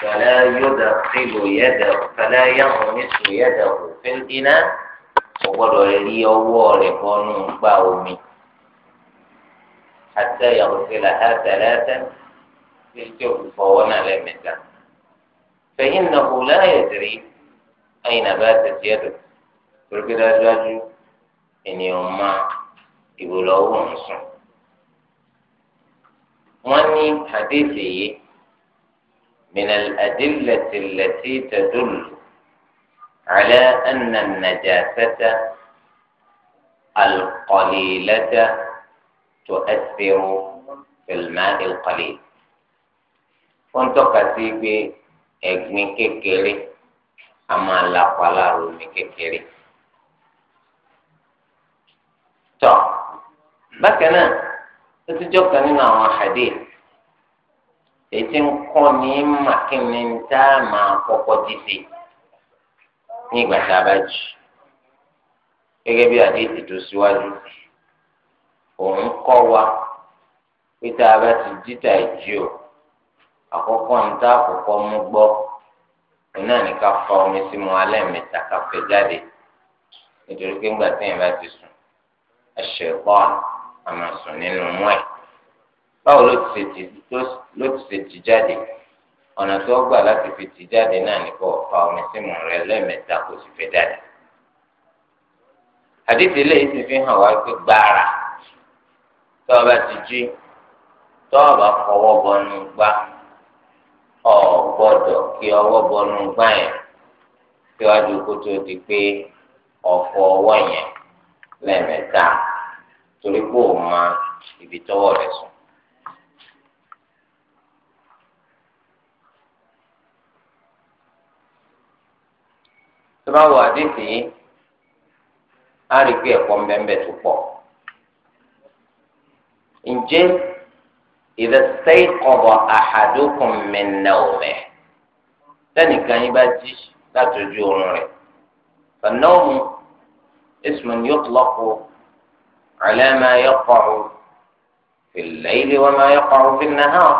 فلا يدخل يده فلا يغمس يده في الإناء وقد لي أول باومي حتى يغسلها ثلاثا للجهد فوانا لم فإنه لا يدري أين باتت يده تركي دجاجه إن يوم ما يقول له wọ́n ní hadith yìí minal adillati allati tadullu ala anna najasata alqalilata tu'athiru fil ma'i alqalil wọ́n tọ́ka sí pé ẹ̀gbin kékeré a máa lápá lára omi kékeré lọ́sídjọ́ kan nínú àwọn àdé ètí ń kọ́ ní màkínní tá a máa kọ́kọ́ dìde ní ìgbà tá a bá jù gẹ́gẹ́ bí àdé ti síwájú òun kọ́ wa pé tá a bá ti dìtà ìjì o àkọ́kọ́ ní tá a kọ́kọ́ mú gbọ́ òun náà ní ká fa omi sí mu alẹ́ mẹ́ta ká fẹ́ jáde nítorí pé ńgbà téèyàn bá ti sùn ẹ̀ṣẹ̀ pọ́n àmọ́ sùn nínú mọ́ ẹ̀ báwo ló ti ṣe ti jáde ọ̀nà tó gbà láti fi ti jáde náà ní kó fa omi símù rẹ lẹ́ẹ̀mẹ́ta kó sì fẹ́ jáde àdìsí eléyìí ti fi hàn wá pé gbàrà tó o bá ti jí tó o bá fọwọ́ bọnú gbá o gbọ́dọ̀ kí ọwọ́ bọnú gbá yẹn síwájú kó tó di pé ọ̀fọ̀ ọwọ́ yẹn lẹ́ẹ̀mẹ́ta torí pé ò ma ibi tọ́wọ́ rẹ̀ sùn. tó bá wọ àdéhùn yìí á rí pé ẹ̀kọ́ ńbẹ́ńbẹ́ tó pọ̀. ǹjẹ́ ìdá sẹ́yìn kọ̀bọ̀ àhàdókùn mẹ́nàwọ̀mẹ́ lẹ́nìkan yín bá jí látọjú oorun rẹ̀. فالنوم اسم يطلق على ما يقع في الليل وما يقع في النهار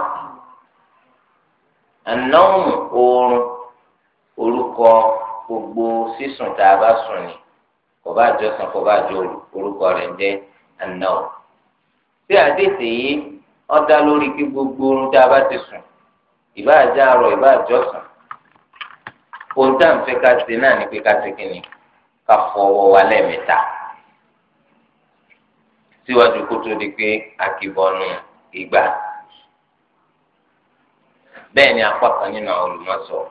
النوم أور orúkọ gbogbo sísùn tá a bá sùn ni kò bá jọsùn kò bá jọ orúkọ rẹ̀ ń jẹ́ anáwó. bí àdéhìí yìí wọ́n dá lórí kí gbogbo oorun tá a bá ti sùn ìbá àjá àrọ̀ ìbá àjọsùn ohun tá à ń fẹ́ ká ṣe náà ni pé ká ṣe kí ni ká fọwọ́ wa lẹ́ẹ̀mẹ́ta síwájú kó tó di pé àkìbọnù ìgbà bẹ́ẹ̀ ni apá kan nínú àwọn olùmọ̀sọ̀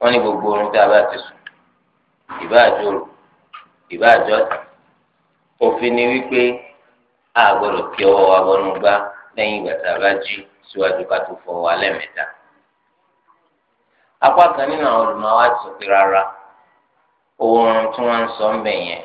wọ́n ní gbogbo orun tí a bá ti sùn ìbá àjòrò ìbá àjọta òfin ni wípé a gbọ́dọ̀ kí ọwọ́ wa bọnú gbá lẹ́yìn ìgbà tá a bá jí síwájú ká tó fọwọ́ alẹ́ mẹ́ta apá kan nínú àwọn olùmọ̀wá ti sọ pé rárá oorun tí wọ́n ń sọ ń bẹ̀ yẹn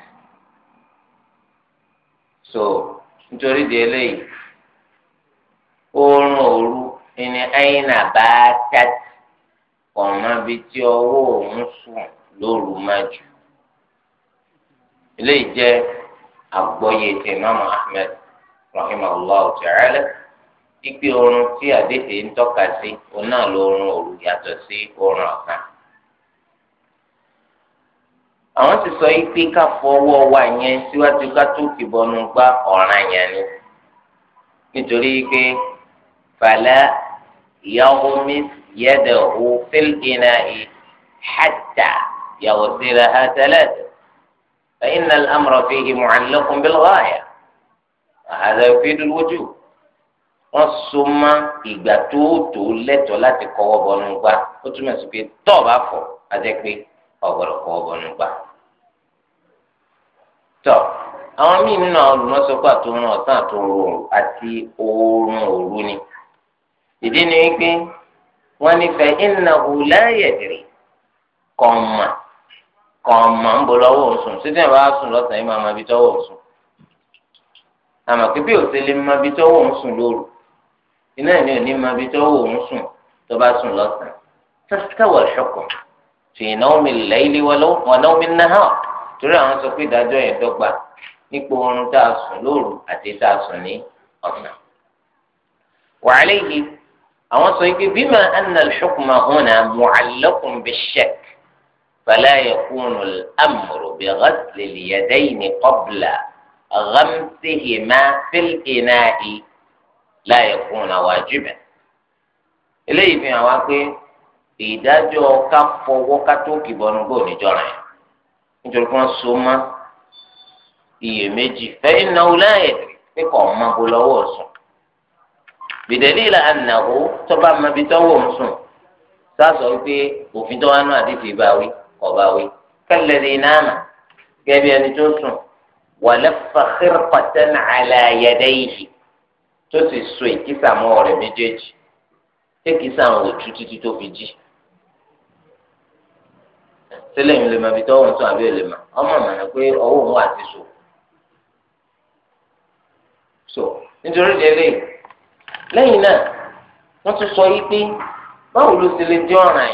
so nítorí di eléyìí oorun òru ẹni ẹyìnà bá tàtì ọ̀mọ bíi tí ọwọ́ òun sùn lóru máa jù eléyìí jẹ́ àgbọ́yé ti imaamu ahmed rahimahullah ta'ala ipe oorun tí àdéhìí ń tọ́ka sí òun náà lóorun òru yàtọ̀ sí oorun ọ̀sán. àwọn ti sọ yìí pé ká fọwọ́ wa yẹn síwájú ká tó kìbọnú gbá ọ̀ràn yẹn ni nítorí pé fàlà ìyàwó mi yẹ̀dẹ̀ ò fílgìnà ì hàtà yàwó síra ha tẹ́lẹ̀tẹ̀ fẹ́yìn náà amúra fi ìmọ̀ àlékún bí lọ́wọ́ àyà wọ́n so mọ́ ìgbà tó tó lẹ́tọ̀ọ́ láti kọ́wọ́ bọnú gbá ó túmọ̀ sí pé tọ́ọ̀ bá fọ̀ adé pé ọ̀gbọ̀dọ̀ kọ́wọ́ bọnú gbá. tọ àwọn míì nínú àwọn olùmọ̀sọ́kọ́ àtòrun ọ̀sán àtòrun àti oorun òru ni ìdí ni wípé wọ́n ní fẹ́ iná kọ̀ọ̀mà kọ̀ọ̀mà ń bọ̀ lọ́wọ́ òsùn síbẹ̀ wàá sùn lọ́sàn-án yìí máa ma bi tọ́wọ́ òsùn àmọ́ pé bí òsèlè máa bi tọ́wọ́ òsùn lóru iná ìní òní máa bi tọ́wọ́ òsùn tó bá sùn lọ́sàn-án torí àwọn sọ pé ìdájọ́ yẹn dọ́gba nípò oorun tá a sùn lóru àti tá a sùn ní ọ̀sán. wàhálà yìí àwọn sọ pé bímọ anna lùkùmà hùnà mùcàlẹ́kùn bí ṣẹ́k fàlà yakunu amúrò bí ghasli lìyàdẹ́yìn qabla ghamsihima fil inaa'i la yakunu wajiban. eléyìí fi hàn wá pé ìdájọ́ ká fọwọ́ ká tó kìbọnú gbòòrò níjọ́ra yẹn nítorí kí wọ́n so má iyèméjì fẹ́yìn náà láàyè pé kò ọmọ bó lọ́wọ́ sùn bìdẹ́lì là ànàwó tọ́ba mọbi tọ́wọ́ ń sùn sáàsọ wípé òfin tó wá náà àdìsí bá wí kọ̀ bá wí kẹlẹ́ lè nàánà gẹ́gẹ́ bí ẹni tó sùn wà lẹ́fà xírpàtẹ́ nàálẹ́ ayẹ́dẹ́ yìí tó sì so ìkísà mọ́ ọ̀rẹ́ méjèèjì tí kìsà ń wò tú tó fi jí. tẹ́lẹ̀ ń lè máa fi tọ́wọ́ tó àbí ẹ̀lẹ́mà ọmọ màná pé òun wà ti so so nítorí délé lẹ́yìn náà wọ́n tún sọ yìí pé báwo ló ti lè jẹ́ ọ̀ràn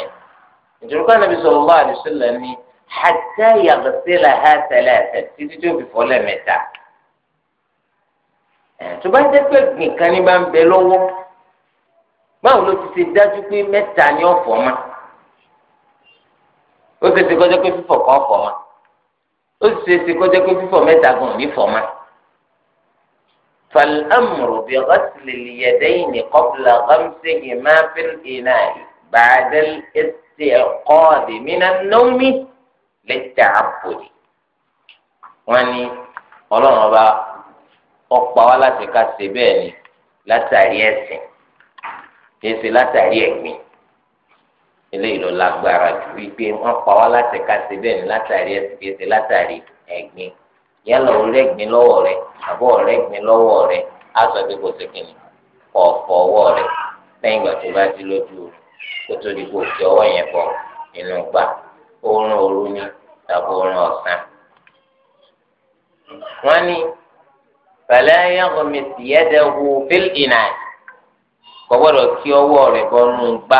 yìí nítorí ni hatta yaghsilaha thalatha títí tó fi tó bá pé nìkan bá ń bẹ báwo ló ti dájú pé ó ṣe ṣe kọjá pé fífọ̀ kan fọ̀ ma ó ṣe ṣe kọjá pé fífọ̀ mẹ́ta gùn ní fọ̀ ma. فالأمر بغسل اليدين قبل غمسهما في الإناء بعد الاستيقاظ من النوم للتعبد wọ́n ní ọlọ́run ọba ọ̀pá wa láti ká ṣe bẹ́ẹ̀ ni látàrí ẹ̀sìn kì í ṣe látàrí ẹ̀gbìn eléyìí ló lágbára ju wípé wọn pa wá láti kásẹ bẹ́ẹ̀ ni látàrí ẹsẹ látàrí ẹ̀gbin yálà orí ẹ̀gbin lọ́wọ́ rẹ àbọ̀ ọrẹ ẹ̀gbin lọ́wọ́ rẹ aṣọ bí kò sẹkìnì kọ ọfọ ọwọ́ rẹ lẹ́yìn ìgbà tó bá dí lójú kó tó di kó fi ọwọ́ yẹn bọ inú gbà oorun òru ni tàbí oorun ọ̀sán. wọn ní fala yaghmis yadahu fil ina kò gbọ́dọ̀ kí ọwọ́ rẹ bọ nù gbà.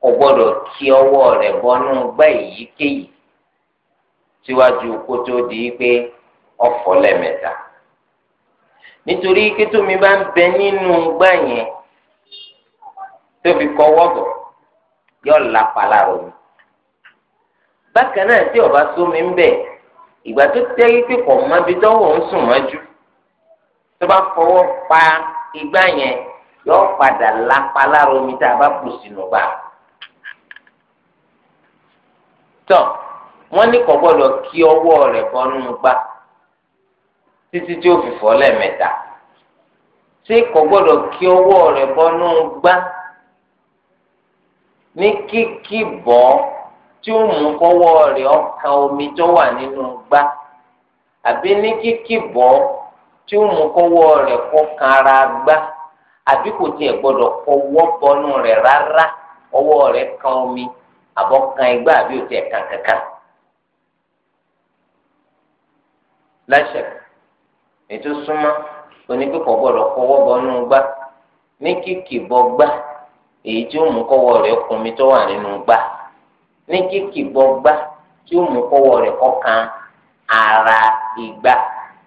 kò gbọdọ ki ọwọ rẹ̀ bọ́nú gbá èyíkéyìí ji kó tó di pé ọ̀fọ̀ nitori nítorí kétómi bá ń bẹ nínú gbá yẹn tó fi kọwọ́ bọ̀ yọ lápá omi bákan náà tí ọba mi ń bẹ ìgbà tó tẹ́ pé kò mọ ibi tọ́wọ́ ń sùn mọ́jú tó bá pa igbá yẹn yọ padà lápá tọ́ wọn ní kò gbọ́dọ̀ kí ọwọ́ rẹ̀ bọ́nú gbá títí tí ó fi fọ́ lẹ́ẹ̀mẹ́ta ṣé kò gbọ́dọ̀ kí ọwọ́ rẹ̀ bọ́nú gbá ní kíkí bọ́ tí ó mú kọ́wọ́ rẹ̀ ọkàn omi tó wà nínú gbá àbí ní kíkí bọ́ tí ó mú kọ́wọ́ rẹ̀ kọ́kan ara gbá àbí kò tiẹ̀ gbọ́dọ̀ kọ́wọ́ bọ́nú rẹ̀ rárá ọwọ́ rẹ̀ kan omi. àbọ̀kan igbá àbí òtí ẹ̀ka kankan. láṣẹ ètò súnmọ́ onípẹ̀kọ̀ gbọ́dọ̀ kọ́wọ́ bọnú gbá ní kìkì bọ́ gbá èyí tí ó mú kọ́wọ́ rẹ̀ kunmi tó wà nínú gbá ní kìkì bọ́ gbá tí ó mú kọ́wọ́ rẹ̀ ara ìgbà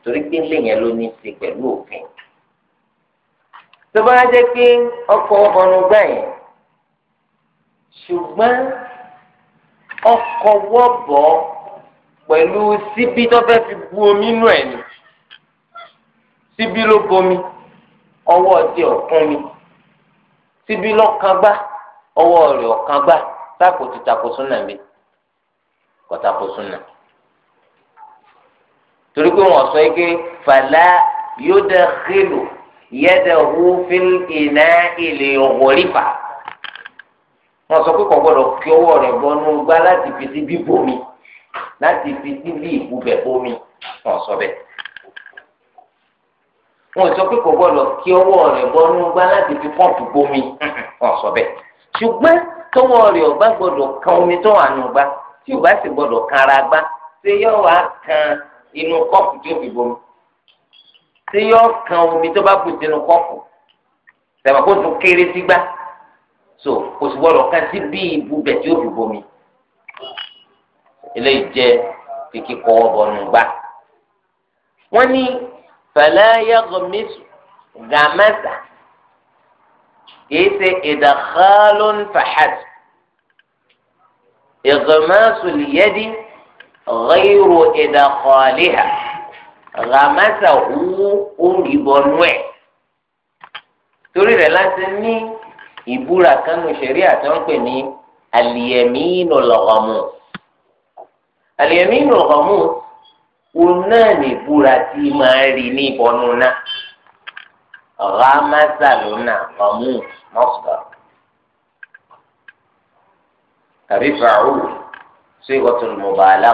torí pé lèyìn ló ní í ṣe pẹ̀lú òfin. tó bá jẹ́ pé ọkọ̀ ọ̀bọnú gbà yẹn ṣùgbọ́n ọkọ̀ wọ́bọ̀ pẹ̀lú síbi tó fẹ́ fi bu omi nù ẹ̀ ni síbi ló bomi ọwọ́ ti ọ̀tún mi síbi lọ́kàn gbá ọwọ́ rẹ̀ ọ̀kan gbá táàkù ti tako súnà mi kò tako súnà torí pé wọ́n sọ pé fàlà yóò dẹ xèlò yẹ dẹ hu fi ìná ìlè òwòrífà wọn sọ pé kò gbọ́dọ̀ kí ọwọ́ rẹ̀ bọnú gbá láti fi síbí bomi láti fi síbí ìbúbẹ bomi wọn sọ bẹ́ẹ̀ wọn sọ pé kò gbọ́dọ̀ kí ọwọ́ rẹ̀ bọnú gbá láti fi pọmpu bomi wọn sọ bẹ́ẹ̀ ṣùgbọ́n tọwọ́ rẹ̀ ọba gbọ́dọ̀ kan omi tó wà nù gbá tí ọba sì gbọ́dọ̀ kan ara gbá ṣé yóò wá kan inú kọ́pù tó fi bomi ṣé yóò kan omi tó bá bu sínú kọ́pù tẹmọ kó tún kéré sí gbá so kò sì gbọdọ̀ ká sí bí ibùbẹ̀ tí ó fi bomi eléyìí jẹ́ kíkí kọ́ ọ̀bọ̀nù gbà. wọ́n ní fala yaghmis gàmẹ́sà kìí ṣe idkhalun fahad ighmasul yadi ghayru idkhaliha gàmẹ́sà wú òǹgìbọ̀nù ẹ̀ torí rẹ̀ láti ní ìbúra kanu ṣẹ̀ríà tí wọ́n pè ní aliyaminu lọ́gọ́mù aliyaminu lọ́gọ́mù òun náà ní ìbúra tí máa rí ní ìbọnú náà ramasa lona ọmú mọ́sùlá tàbí fàáwù sí ọtúnmọ̀bàlá.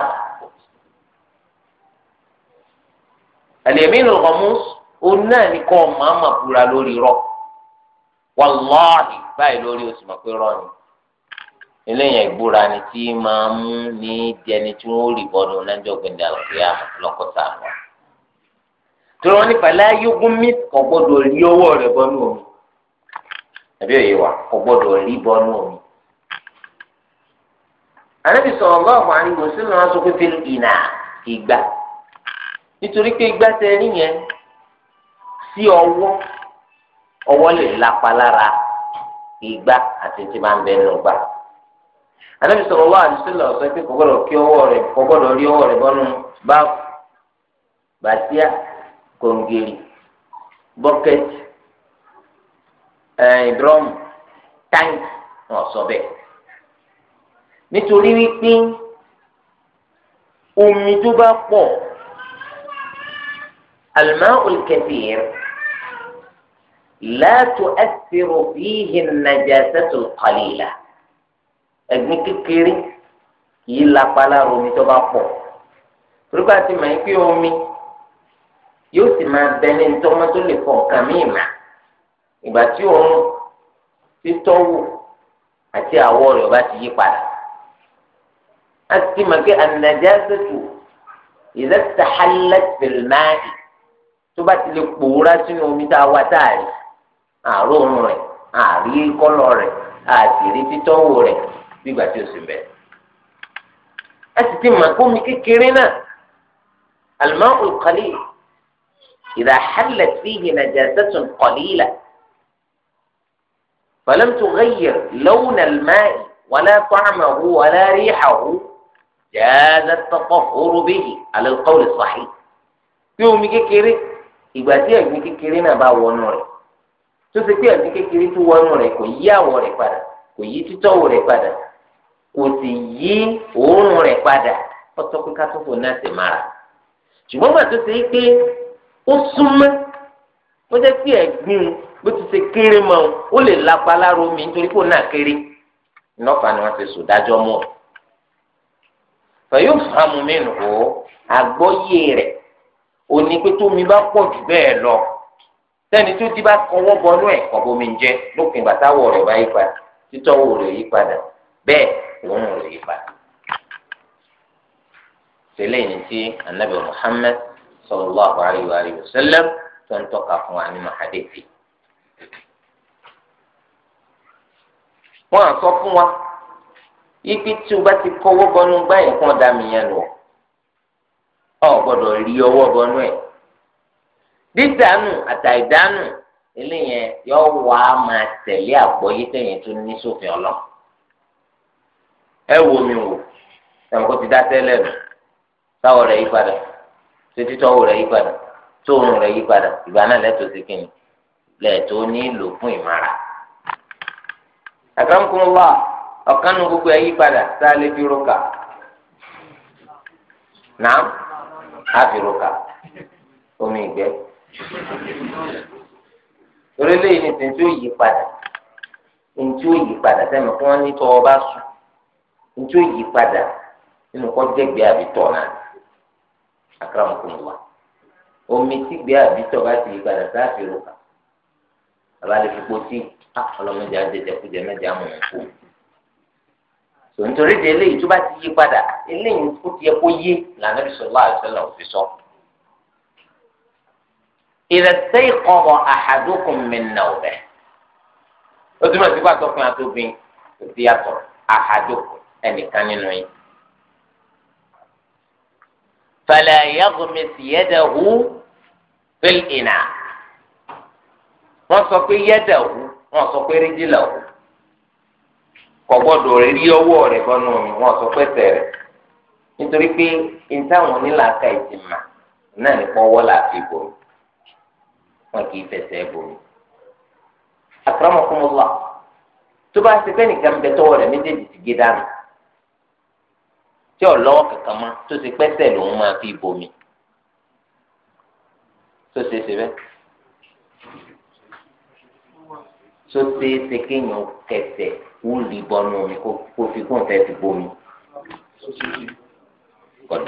aliyaminu lọ́gọ́mù òun náà ní kọ́ máa ma búra lórí rọ́ọ̀. wàláhì báyìí lórí oṣù mọ̀ pé rọ́ọ̀nì eléyàn ìbúra ni tí máa ń mú ní jẹni tí wọ́n rí bọ́ọ̀lù lẹ́jọ́ gbẹ̀dẹ̀ àlùfíà lọ́kọ̀tà wọn. tí wọ́n ní pẹ̀lú ayógún mi kò gbọ́dọ̀ rí owó rẹ̀ bọ́nú omi òye wa kò gbọ́dọ̀ rí bọ́nú omi. ìnà ìgbà nítorí pé ìgbà ọwọ́ lè lápá lára ìgbà àti tí máa ń bẹ nínú gbà. Ànábì sallallahu alaihi wasallam sọ pé kò gbọ́dọ̀ kí ọwọ́ rẹ̀ kò gbọ́dọ̀ rí ọwọ́ rẹ̀ bọ́nú báàbù bàtíà kòǹgìrì bọ́kẹ́tì ìdúrọ́mù eh, táǹkì wọn sọ bẹ́ẹ̀. nítorí wípé omi tó bá pọ̀ al-ma'ul kathir. لا تؤثر فيه النجاسة القليلة ẹ̀gbin kékeré kìí lapa lára omi tó bá pọ̀ torípa ti mọ̀ pé omi yóò sì máa bẹ ní ntọ́mọ tó lè fọ nǹkan míì mà ìgbà tí òun títọ́wò àti àwọ̀ rẹ̀ ọba ti yí padà a ti mọ̀ pé an-najasatu idha istahallat fil ma'i tó bá ti lè pòórá sínú omi tá a wá táàrí. àrùn rẹ̀ àrí kọ́lọ̀ rẹ̀ àtìrí títọ́wò rẹ̀ gbígbà tí o sì bẹ̀. ẹ sì ti máa gómi ti magbo mi kekere naa al-ma'u al-qalil idha hallat fihi najasatun qalila falam tughayyir lawna al wàlẹ́ wala ta'amahu wala rihahu jaza at-tatahhuru bihi ala al-qawl as-sahih. bí omi kékeré ìgbà tí ẹ̀gbin kékeré náà bá wọnú rẹ̀ tó ṣe pé ẹ̀sìn kékeré tó wọnú rẹ kò yí àwọ̀ rẹ padà kò yí títọ́wò rẹ padà kò sì yí òórùn rẹ padà ọtọ́ pé ká tó fò náà sì mara ṣùgbọ́n gbà tó ṣe pé ó súnmọ́ ó jẹ́ pé bó ti ṣe kéré mọ́ ó lè lapa lára omi wọ́n ti sùn dájọ́ mọ́ fẹ̀yọ́ sẹ́ni tó ti bá kọwọ́ bọnú ẹ̀ kọ̀bọmi jẹ lópin bàtà wọ̀ rẹ̀ bá yí padà títọ́wò rẹ̀ yí padà bẹ́ẹ̀ òórùn rẹ̀ yí padà. sẹ́lẹ̀ ní ti anabi muhammed sallallahu alayhi wa sallam tó ń tọ́ka fún wa nínú hadithi. wọ́n á sọ fún wa ibi tí o bá ti kọwọ́ bọnú gbáyìí kan dá mi yẹn lọ ọ̀ gbọ́dọ̀ rí ọwọ́ bọnú ẹ̀. dídánù àtàìdánù yẹn yọ wá máa tẹ̀lé àgbọ́yé tẹ̀yìn tó ní sófin ọlọ́ ẹ wo mi wò ti dá tẹ́lẹ̀ nù sáwọ̀ rẹ̀ yí padà títí rẹ̀ yí padà tóorùn rẹ̀ yí padà ìgbà náà lẹ́tọ̀ sí kìnnì lẹ́ẹ̀tọ́ fún ọ̀kan nu gbogbo ẹ̀ yí padà tá a lè fi náà fi roka omi ìgbẹ́. torí lẹ́yìn ní tẹ̀sí ó yí padà ntí ó yí padà sẹ́mi kí wọ́n ní tọ́ ọba sùn ntí ó yí padà nínú kọ́ jẹ́gbẹ́ àbítọ̀ náà akérèmọ́kùnrin wa omi tí gbé àbítọ̀ bá ti yí padà sáàfin rògbà bàbá lè fi kpọ́tì ah, ọlọ́mọdé àjẹjẹkújẹ mẹ́jẹ amòǹkó tòǹtòrí de eléyìí tó bá ti yí padà eléyìí ó ti yẹ kó yé lànà bisalòlá àti sẹlẹ̀ òfin sọ́ọ́. إذا استيقظ أحدكم من نومه ó túmọ̀ sí pàtó fún atóbin kò sí yàtọ̀ أحدكم ẹnìkan nínú yín. فلا يغمس يده في الإناء wọ́n sọ pé yẹ́dẹ̀ wù wọ́n sọ pé rídìlà wù kò gbọ́dọ̀ rí ọwọ́ rẹ̀ bọ́nú mi wọ́n sọ pé tẹ̀rẹ̀ nítorí pé ní táwọn onílàákà náà ní pọ́wọ́ làá fi bò wọn kì í fẹsẹ̀ bomi. akramakumullah tó bá ṣe pé nìkan bẹ tọwọ́ rẹ̀ méjèèjì ti gé dànù tí ò lọ́wọ́ kankan mọ́ tó ti pẹ́sẹ̀ lòun máa fi bomi tó ṣe é ṣe bẹ́ẹ̀ tó ṣe é ṣe kéèyàn kẹsẹ̀ wú lì bọnú omi kó fi kún fẹ́ fi bomi kọ̀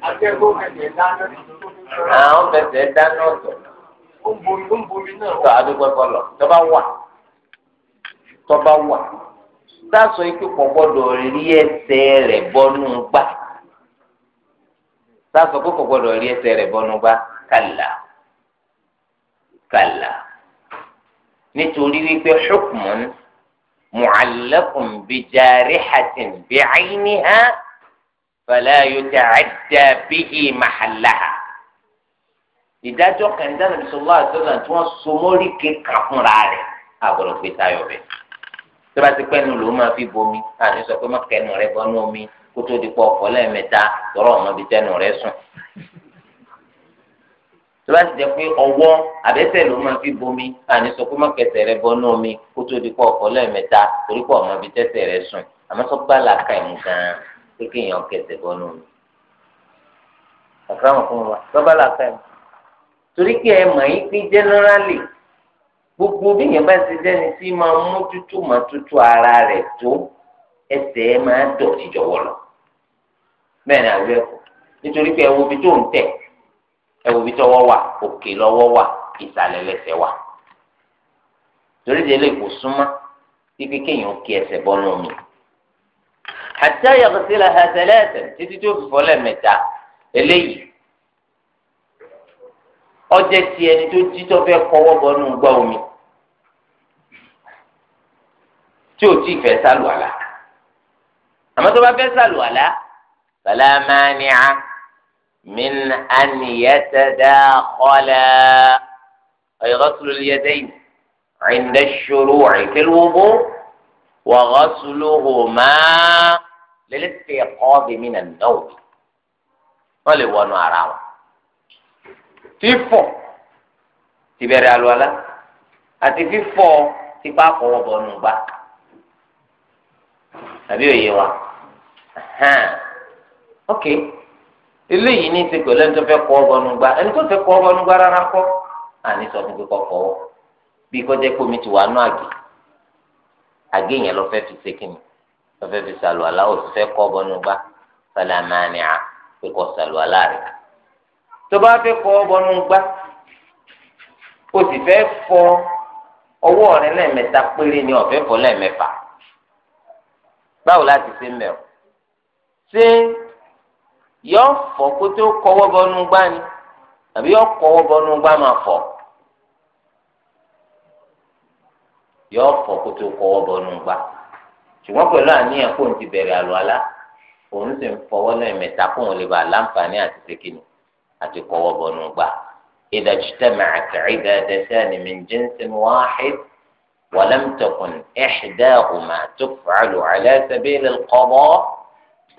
àwọn bẹ̀sẹ̀ dáná ọ̀tọ̀ tó àdúgbò kọlọ̀ tọ́ba wà tọ́ba wà sáàsọ ikú pọ̀ gbọ́dọ̀ rí ẹsẹ̀ rẹ̀ bọ́nú gbà sáàsọ ikú pọ̀ gbọ́dọ̀ rí ẹsẹ̀ rẹ̀ bọ́nú gbà kàlà kàlà nítorí wípé hukmun mu'allaqun bi jarihatin bi'ayniha fala yuta'adda bihi mahallaha ìdájọ́ kẹ̀ńdà nàbí sọlá àtọ́nà tí wọ́n so mórí kéka fúnra rẹ̀ àbọ̀rọ̀ pé tayọ̀ bẹ̀. tó bá ti pẹ́nu ló máa fi bomi àní sọ pé má kẹnu rẹ bọ́nú omi kó tó di pọ̀ ọ̀fọ́ lẹ́ẹ̀mẹ́ta tọrọ ọmọ bíi tẹnu rẹ sùn. tó bá ti jẹ́ pé ọwọ́ àbẹ́sẹ̀ ló máa fi bomi àní sọ pé má kẹsẹ̀ rẹ bọ́nú omi kó tó di pọ̀ ọ̀fọ́ lẹ́ẹ̀mẹ́ta torí pọ̀ ọmọ bíi tẹ́sẹ̀ rẹ sùn àmọ́ sọ pé kéèyàn kẹsẹ̀ bọ́nú mi. àkàràmọ̀ fún wa lọ́ba ẹ̀ torí kí ẹ mọ̀ yín jẹ́nẹ́rálì gbogbo bá ti tí máa máa tútù ara rẹ̀ tó ẹsẹ̀ ẹ máa dọ̀tí lọ. àbí ẹ̀kọ́ nítorí pé tó ń tẹ̀ wà òkè lọ́wọ́ wà ìsàlẹ̀ lẹ́sẹ̀ wà torí kò súnmọ́ kéèyàn kí ẹsẹ̀ bọ́nú mi. حتى يغسلها ثلاثا تتجوف فلان متى اللي أجت يعني تجت في قوة بنو قومي تو تي فسال ولا أما تبى فسال ولا فلا مانع من أن يتداخلا أي غسل اليدين عند الشروع في الوضوء وغسلهما lil-istiqāḍi mina an-nawm wọ́n lè wọnú ara wọn. fífọ̀ ti bẹ̀rẹ̀ àlùwàlá àti fífọ̀ ti bá kọ́wọ́ bọ̀nù gbá àbí òye wa ok eléyìí ní ti pẹ̀lú ẹni tó fẹ́ kọ́ bọ̀nù gbá ẹni tó fẹ́ kọ́ bọ̀nù gbá rárá kọ́ àní sọ fún kíkọ́ fọwọ́ bí kọjá kómi ti wà nù àgè àgè yẹn lọ fẹ́ fi ṣe kíni fẹ́fẹ́ fi sàlùwàlá òṣìṣẹ́ kọ́ bọ́nú gbá fẹlẹ́ àmàlẹ́ à fi kọ́ sàlùwàlá rẹ̀ tó bá fẹ́ kọ́ bọ́nú gbá o sì fẹ́ fọ ọwọ́ rẹ̀ lẹ́ẹ̀mẹ́ta péré ni ọ̀fẹ́ fọ lẹ́ẹ̀mẹ́fà báwo láti ṣe mẹ́ọ̀ ṣé yọ fọ kó tó kọ́wọ́ bọ́nú gbá ni àbí yọ kọ́wọ́ bọ́nú gbá máa fọ yọ fọ kó tó kọ́wọ́ bọ́nú gbá ṣùgbọ́n pẹ̀lú àníyàn kó n ti bẹ̀rẹ̀ àlùwàlá òun sì ń fọwọ́ náà mẹ́ta kó òun lè ba láǹfààní àti ṣèkìnnì àti kọ́wọ́ bọ̀nù gbà. إذا اجتمعت عبادتان من جنس واحد ولم تكن إحداهما تفعل على سبيل القضاء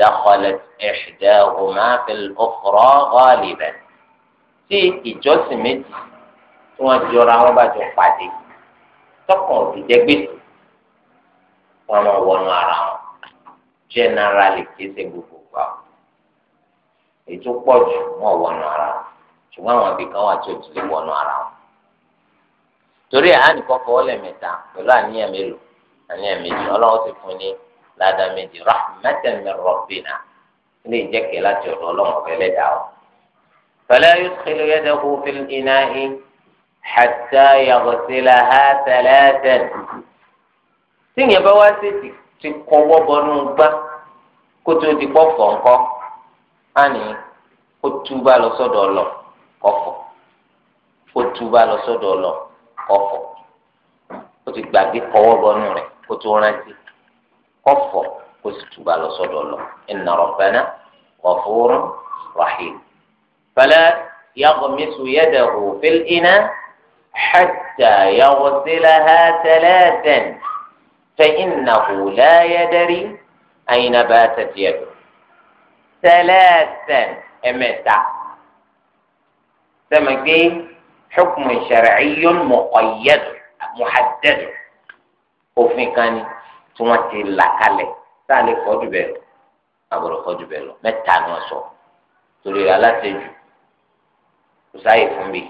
دخلت إحداهما في الأخرى غالبا tí ìjọsìn méjì tí wọ́n jọra wọn bá jọ pàdé tọkàn òbí wọn máa wọnú ara wọn generally kì í ṣe gbogbo gbà ó ètò pọ̀ jù wọn wọnú ara wọn ṣùgbọ́n àwọn ibìkan wà tí ò ti lè wọnú ara wọn torí àánì kan fọwọ́ lẹ́mẹ̀ta pẹ̀lú àníyàn mélòó àníyàn méjì ọlọ́run ti fún ní ládàá méjì rahmatan min rabbina ilé ìjẹ́kẹ̀ láti ọ̀dọ̀ ọlọ́run ọ̀fẹ́ lẹ́dàá o. fala yudkhilu yadahu fil ina'i hatta yaghsilaha thalathan. tí bá wá sí ti kọwọ́ gbá kó tó di pọ̀ fọ̀ǹkọ́ á ní kó túbà lọ sọ́dọ̀ ọlọ kọ̀fọ̀ kó túbà lọ sọ́dọ̀ ọlọ kọ̀fọ̀ ó ti gbàgbé kọwọ́ bọnú rẹ̀ kó tó rántí kọ̀fọ̀ kó sì túbà lọ sọ́dọ̀ ọlọ rahim. فإنه لا يدري أين باتت يده ثلاثا أمتع سمكي حكم شرعي مقيد محدد òfin kan ni tí wọn ti là kalẹ̀ tá a lè fọjú bẹ́ẹ̀ lọ àbúrò fọjú bẹ́ẹ̀ lọ mẹ́ta ni wọn sọ torí alátẹjù kò sáàyè fún mi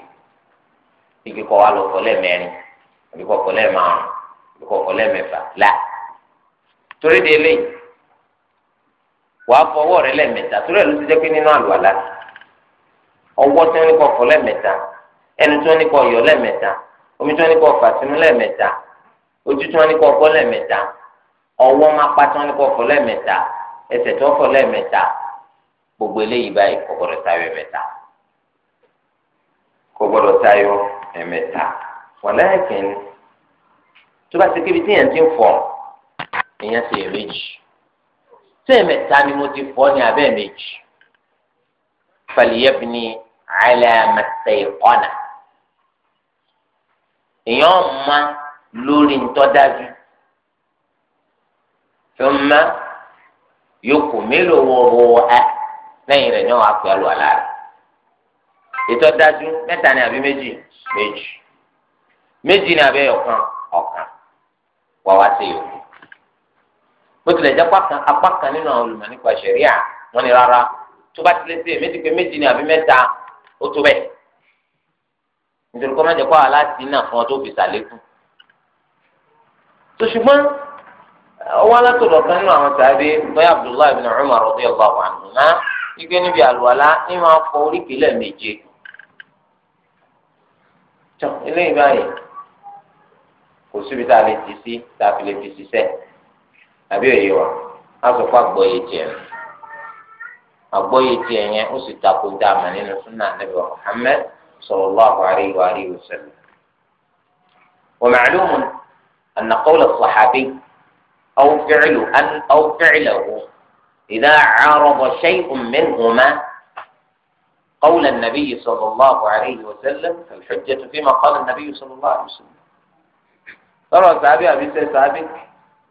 bí kíkọ wa lọ fọlẹ mẹ́rin àbí kọ fọlẹ márùn kọ̀ọ̀kan lẹ́mẹ̀fà la torí de lé wàá fọwọ́ rẹ lẹ́mẹ̀ta torí ẹ̀ ló ti jẹ́ pé nínú àlùwàlá ọwọ́ tí wọ́n ní kọ́ fọ lẹ́mẹ̀ta ẹnu tí wọ́n ní kọ́ yọ lẹ́mẹ̀ta omi tí wọ́n ní kọ́ fà sínú lẹ́mẹ̀ta ojú tí wọ́n ní fọ lẹ́mẹ̀ta ọwọ́ máa pa tí fọ lẹ́mẹ̀ta ẹsẹ̀ tí wọ́n fọ gbogbo eléyìí báyìí kò gbọdọ̀ tayọ ẹ̀mẹ̀ta kò gbọdọ̀ tayọ ẹ̀mẹ̀ta tó bá ti kébi tí èèyàn ti ń fọ èèyàn ṣe èméjì ṣé ẹ̀mẹta ni mo ti fọ ní abẹ́ méjì fàlìyẹ́bìnì àìlẹ́mẹsẹ̀ ìkọ́nà èèyàn ma lórí ntọ́dájú tó ma yòókù mélòó wọ̀wọ̀ ẹ lẹ́yìn rẹ̀ ní wọn àpè ọlọ́ àlá ìtọ́dájú mẹ́ta ni àbí méjì méjì méjì ni àbẹ́ yọ̀kan. wà wá sí yòókù bó tilẹ̀ jẹ́ apá kan nínú àwọn olùmọ̀ nípa ṣẹ̀ríà wọ́n ni rárá tó bá tilẹ̀ sí èmi ti pé méjì ni àbí mẹ́ta ó tó bẹ́ẹ̀ nítorí kọ́ mẹ́jẹ̀ kọ́ aláàtì náà fún ọ tó fi tó ṣùgbọ́n kan nínú àwọn bẹ́ẹ̀ Abdullahi bin Umar níbi àlùwalá kò síbi tá a lè ti sí tá a fi lè fi ṣiṣẹ́ àbí òye wa á sọ fún àgbọ̀yé tiẹ̀ àgbọ̀yé tiẹ̀ yẹn ó sì takò dáàmà nínú fún ari súnà ari wa Muhammad sallallahu alayhi wa alihi wa sallam. ومعلوم أن قول الصحابي أو فعل أن أو فعله إذا عارض شيء منهما قول النبي صلى الله عليه وسلم فالحجة فيما قال النبي صلى ari عليه وسلم lọ́rọ̀ sàábì àbí tẹ sàábì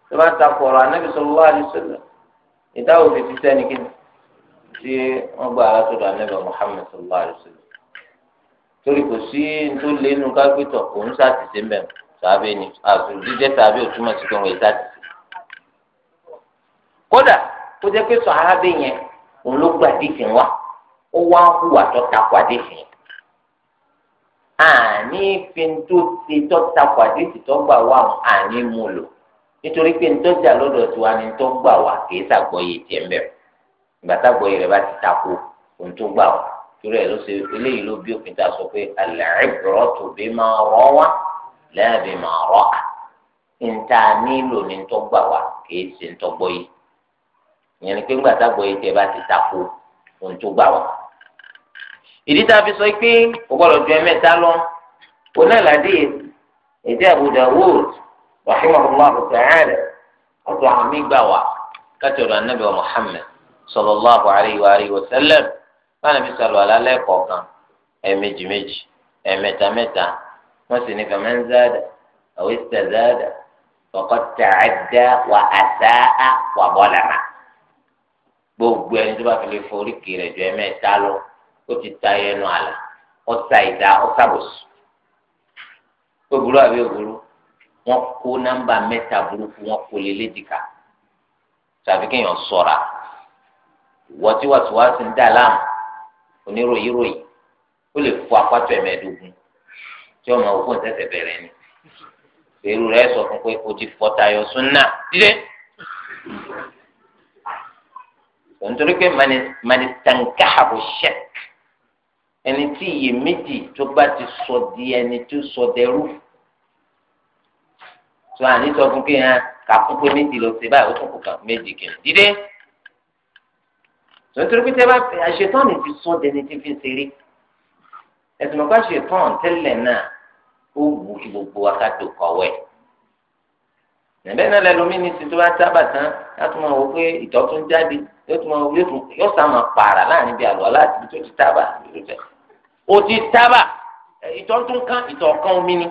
tó bá ta kọ̀ọ̀rọ̀ anábì sallallahu alaihi wasallam ìdáwó fi ti sẹ́ni kí ni wọ́n gba alátọ́dọ̀ anábì Muhammad sallallahu alaihi wasallam torí kò sí tó lẹ́nu kápẹ́tọ̀ òun sàtìsẹ́ mbẹ́ sàábì ni àtúndíjẹ́ sàábì òtúmọ̀ sí pé wọ́n yẹ sàtìsẹ́ kódà kó jẹ́ pé sàábì yẹn òun ló gbàdí kì wá ó wá hùwà tó takò àdéhìn àní fi ń tó ti tọ́ta pàdé ti tọ́ gbà wá àní mu lò nítorí pé ntọ́jà lọ́dọ̀ tiwa ni ntọ́ gbà wá kìí sàgbọ́yé tiẹ̀ ń bẹ̀rẹ̀ ìgbà sàgbọ́yé rẹ̀ bá ti tako ohun tó gbà wá torí ẹ̀ ló ṣe eléyìí ló bí òfin ta sọ pé al-ibratu bima rawa la bima ra'a níta nílò ní ntọ́ gbà wá kìí ṣe ntọ́ gbọ́yé ìyẹn ni pé ńgbà sàgbọ́yé tiẹ̀ bá ti tako ohun tó gbà wá ìdí tá a fi sọ pé kò gbọ́dọ̀ ju ẹ̀mẹ́ta lọ kò náà ládé èdè Abu Dawud rahimahullah ta'ala ọ̀dọ̀ àwọn mi gbà wá láti ọ̀dọ̀ anabi wa Muhammad sallallahu alayhi wa alayhi wa sallam báyìí nàbí sọlọ alálẹ kọ̀ọ̀kan ẹ̀ẹ̀mejì méjì ẹ̀ẹ̀mẹ́ta mẹ́ta wọn sì ní faman zada aw istazada faqad ta'adda wa asa'a wa zalama gbogbo ẹni tó bá fi lè forí kiri ẹjọ ẹ̀mẹ́ta lọ ó ti ta ẹnu àlà ọta ìdá ọta bòsù òbúrú àbí òbúrú wọn kó nọ́mbà mẹ́ta burúkú wọn kó lé lédìkà tàbí kéèyàn ṣọ́ra ìwọ tí wàtúwà ti ń dà láàmú oníròyìnròyìn ó lè fọ apátọ ẹ̀mẹ́ẹ̀dógún tí ọmọ òkú ntẹsẹ bẹ̀rẹ̀ ni èrú rẹ sọ fún pé o ti fọ tayọ súnà dídé nítorí pé mani tankaha bó ṣẹ ẹni tí iyèméjì tó bá ti sọ di ẹni tó sọ dẹrú tó àní sọ fún kí hàn kàkúkú méjì lọ sí báyìí ó tún kù kà méjì kì í dídé tòǹtòrò pété bá àṣetán ni ti sọ dẹni tí fi ń ṣeré ẹsùn mọ́kà àṣetán tẹ́lẹ̀ náà ó wù kí gbogbo akátó kọ̀wé nàbẹ́ náà lẹ́nu mi ní títí wá sábà tán láti máa wò pé ìtọ́ tó ń jáde yóò tún máa wò yóò sá máa pààrà láàrin bíi àlọ́ láti ibi tó ti tábà lójú o ti tábà ìtọ̀ tún kán ìtọ̀ kan omi ni.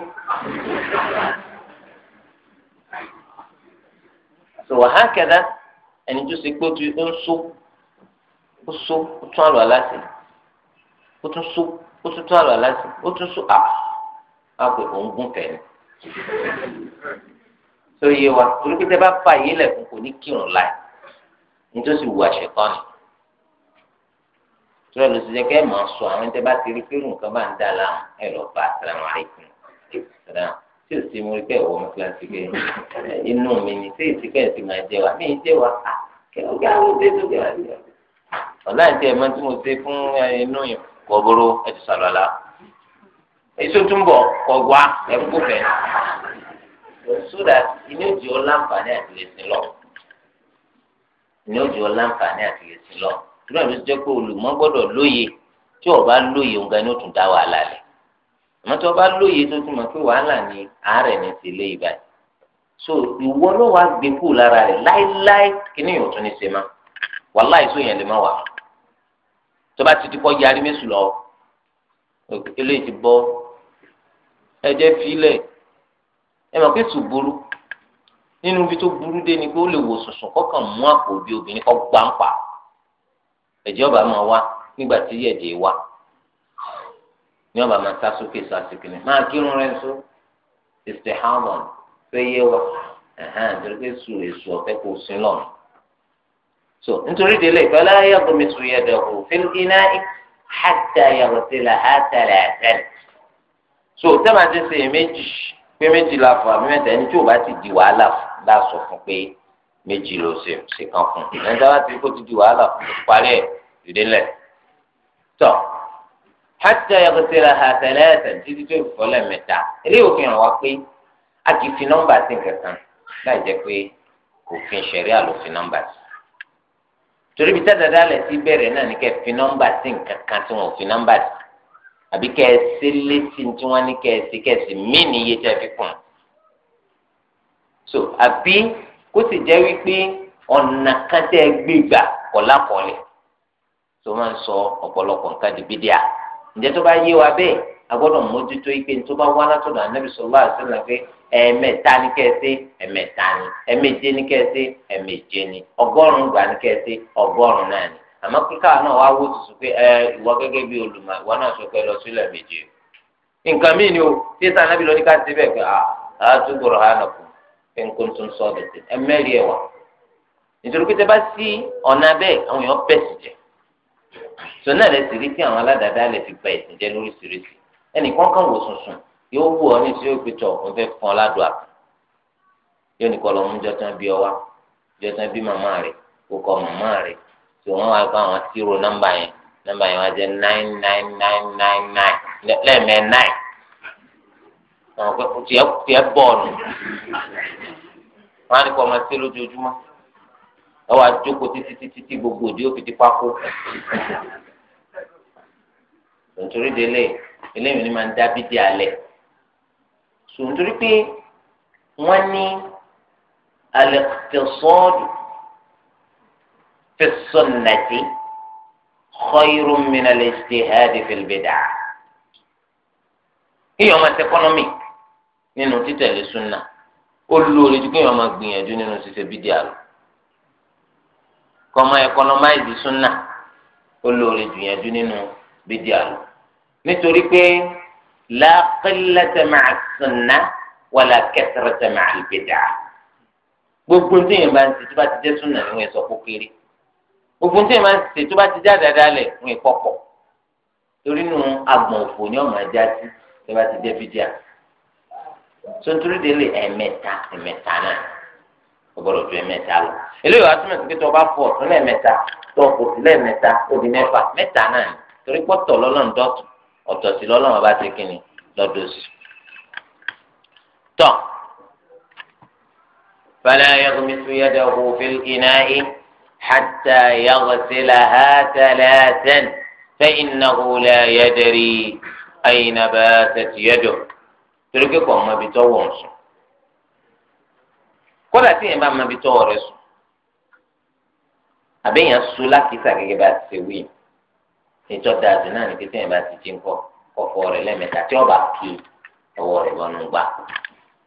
sọ̀rọ̀ hàn kẹ́dá ẹni tó ṣe pé ó ti ń so ó so ó tún àlọ́ aláṣẹ ó tún so ó tún tún àlọ́ aláṣẹ ó tún so àá pé òun gún tẹ̀lé sóye wa torí pé tẹ bá fa yìí lẹ̀kùn kò ní kírun láì nítorí wù àṣẹ kan ni tura ló ti jẹ kẹ máa sọ àwọn tẹ bá ti rí pé nǹkan bá ń dà láwọn ẹ lọ bá sàlámù àlékún sàlámù tí o ti mú rí pé ìwọ kíláàsì pé inú mi ni tí èsì bẹ́ẹ̀ ti máa jẹ wá mí jẹ wá kí ló gbá ló dé tó gbé wá lé ọ̀la ìdí ẹ̀ máa tí mo ṣe fún inú yìí kọ̀ọ̀bọ̀rọ̀ ẹ ti sọ̀rọ̀ la èso tún bọ̀ kọ̀ọ̀gbá ẹ kú fẹ́ sódà inú ìjọ láǹfààní àti lọ inú ìjọ láǹfààní àti lọ. ìrọ̀ ló jẹ́ pé olùmọ̀ gbọ́dọ̀ lóye tí ó bá lóye òun gan ni ó tún dá wàhálà lẹ̀ àmọ́ tí ó bá lóye tó ti pé wàhálà ni àárẹ̀ ní ti lé so ìwọ ló wàá gbé kú lára rẹ̀ láéláé kíní yóò tún ní má yẹn lè má wà tó bá ti di kọ́ yarí mẹ́sù lọ ti bọ́ ẹ pé nínú ibi tó ẹ̀jẹ̀ ọba máa wá nígbà tí ẹ̀jẹ̀ wá ní ọba máa sá sókè sá sí kìnnì máa kírun rẹ̀ nsó istihamon péye wá nítorí pé su èso ọ̀fẹ́ kò sí lọ́nà so nítorí délé ìfẹ́lẹ́ ayẹ́kùn mi sùn yẹ̀dẹ̀ kò fílù iná hàtà yàgòtì là hàtà là àtẹ̀lẹ̀ so tẹ́lẹ̀ máa ti sè é méjì pé méjì la fọ àbí mẹ́ta ẹni tí ò bá ti di wàhálà lásọ fún pé méjì ló ṣe ṣe kan fún un ẹni tí wọn ti kó ti di wàhálà parí ẹ dìde lẹ tọ hàtà yàgòsílà hàtàlẹ ẹsẹ títí tó ìfọlẹ mẹ́ta eléyìí òfin hàn wá pé a kì í fi nọ́mbà sí kankan láì jẹ pé òfin ṣẹ̀ríà ló fi nọ́mbà sí torí bí tádàdá lẹ sí bẹ̀rẹ̀ náà ní kẹ́ fi nọ́mbà sí kankan tí wọn ò fi nọ́mbà sí àbí kẹ́ ẹ sí létí tí wọn ní kẹ́ ẹ sí kẹ́ ẹ sí mí ní iye tẹ́ fi kùn so àbí. kó sì jẹ́ wípé ọ̀nà kan tẹ́ gbé gbà kọ̀lá kọ̀lẹ̀ tó máa ń sọ ọ̀pọ̀lọpọ̀ nǹkan di bídíà ǹjẹ́ tó bá yé wa bẹ́ẹ̀ a gbọ́dọ̀ mójútó ipe tó bá wá látọ̀dọ̀ ànábì sallallahu alaihi wasallam pé ẹ̀ẹ̀mẹ́ta ní kẹ́ẹ̀sì ẹ̀ẹ̀mẹ́ta ní ẹ̀ẹ̀méje ní kẹ́ẹ̀sì ẹ̀ẹ̀méje ní ọgọ́rùn-ún gbà ní kẹ́ẹ̀sì ọgọ́rùn-ún náà ní àmọ́ kíkà náà wá wó tutù pé ẹ ìwọ gẹ́gẹ́ bí olùmọ̀ ìwọ náà sọ pé kẹ́ńkóńtó ń sọ ọ́ bẹ̀tẹ̀ ẹ mẹ́rin ẹ̀ wa nítorí pé tẹ bá sí ọ̀nà bẹ́ẹ̀ àwọn èèyàn bẹ̀sì jẹ sọ náà lẹ́sìn rí tí àwọn aládàáda lè fi gba jẹ lóríṣiríṣi ẹnìkan kan wò sùnsùn yóò wù ọ ní ìṣòro ìpètò ọ̀hún fẹ́ fún ọ ládùá yóò ní kọ́ lọ́mú jọ́tán bí ọ wá jọ́tán bí màmá rẹ̀ kó so màmá rẹ̀ tí wọ́n wá kó àwọn tírò yẹn yẹn wá nine nine nine nine nine àwọn tiẹ̀ tiẹ̀ bọ́ọ̀lù wọn á ní kó ọmọ sí lójoojúmọ́ ẹ wá jókòó títí títí tí gbogbo òde ó fi di pákó nítorí délé eléyìí ni máa ń dábí di alẹ́ sùn nítorí pé wọ́n ní alẹ́kùtẹ̀sọ́ọ̀dù fẹsọ̀nàtì khayrun min al-ijtihad fil bid'ah. kíyọ̀ ọmọ ẹsẹ̀ kọ́nọ́mì nínú títẹ̀lé súnà ó lóore ju kéèyàn máa gbìyànjú nínú ṣíṣe bídíà lọ kọ́ máa ẹkọnọmáìsì súnà ó lóore ju yànjú nínú bídíà lọ nítorí pé la qillata ma'a sunna wala kathrata ma'a al-bid'a gbogbo tí yẹn bá ń ṣe tó bá ti jẹ́ súnà ni wọ́n sọ kó kéré gbogbo tí yẹn bá ń ṣe tó bá ti já dáadáa wọ́n kọ́kọ́ torí nu agbọ̀n òfò ni ọ̀ sotiri de le ẹ̀mẹ́ta ẹ̀mẹ́ta náà o gbọ́dọ̀ ju ẹ̀mẹ́ta lọ eléyìí wàá túmọ̀ sí pé tó o bá fọ ọ̀tún lẹ́ẹ̀mẹ́ta tó o kò sí lẹ́ẹ̀mẹ́ta ó di mẹ́fà mẹ́ta náà ni torí pọ́tọ̀ lọ́lọ́run dọ́tù ọ̀tọ̀ sí lọ́lọ́run ọba ti kíni lọ́dọ̀ sí. tọ́ fẹlẹ́ yẹ́gun mi tún yẹ́dẹ̀ hàtà yàgò sílá fẹ́ iná kó lẹ́ yẹ́dẹ̀rì ayinabẹ́ torí pé kò ọmọ ibi tọ́wọ́ ń sùn kódà tí èèyàn bá mọ ibi tọ́wọ́ rẹ̀ sùn àbí èèyàn sùn lákìísà gẹ́gẹ́ bá ti ṣe wí ìjọ náà ní kọfọ lẹ́mẹ̀ta tí ọba kí ọwọ́ rẹ̀ bọnú gbà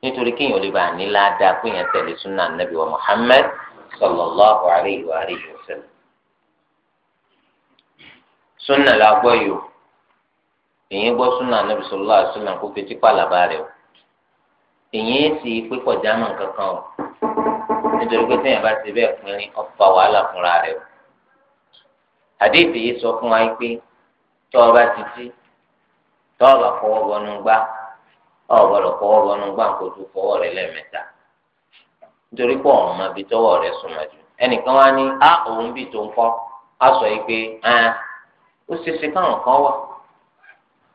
nítorí kéèyàn lè bá ní ládàá èèyàn tẹ̀lé Muhammad sallallahu alayhi wa sallam súnà làgbọ́ èyí gbọ́ súnà níbi sọlá àṣìlá kó fetí pàlàbà rẹ o èyí sì pípọ̀ jámọ̀ kankan o nítorí pé téèyàn bá ti bẹ́ẹ̀ pinrin ọ̀fà wàhálà fúnra rẹ o yìí sọ fún wa pé tọ́ bá ti bá fọwọ́ bọnú gbá fọwọ́ bọnú gbá tó fọwọ́ rẹ nítorí pé ọ̀hún máa bi tọ́wọ́ rẹ wá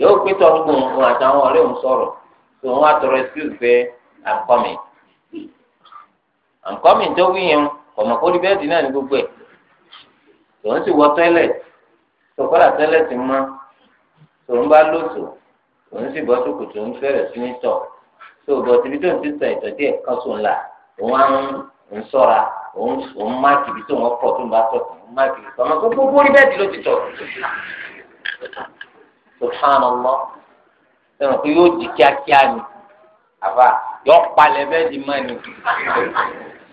yóò pín tọ́gbù òun àtàwọn ọ̀rẹ́ òun sọ̀rọ̀ tó wọn àtọrọ excuse pé i'm coming i'm coming tó wí yẹn ọmọ kórìí bẹ́ẹ̀dì náà ní gbogbo ẹ̀ tó ń sì wọ toilet tó kọ́lá toilet mọ́ tó ń bá lóso tó ń sì bọ́ sókò tó ń fẹ́rẹ̀ sí ní tọ̀ tó bọ̀ síbi tó ń ti sàn ìtọ́jú ẹ̀ kan sóun là òun á ń sọ́ra òun máàkì ibi tó ń wọ́pọ̀ tó ń bá tọ̀ òun máàkì ibi tó ń bá tọ̀ gbogbo orí bẹ́ẹ̀dì ló ti tọ̀. subhanallah ẹnu pé yóò di kíákíá ni àbá yóò palẹ̀ bẹ́ẹ̀ di mọ́ ni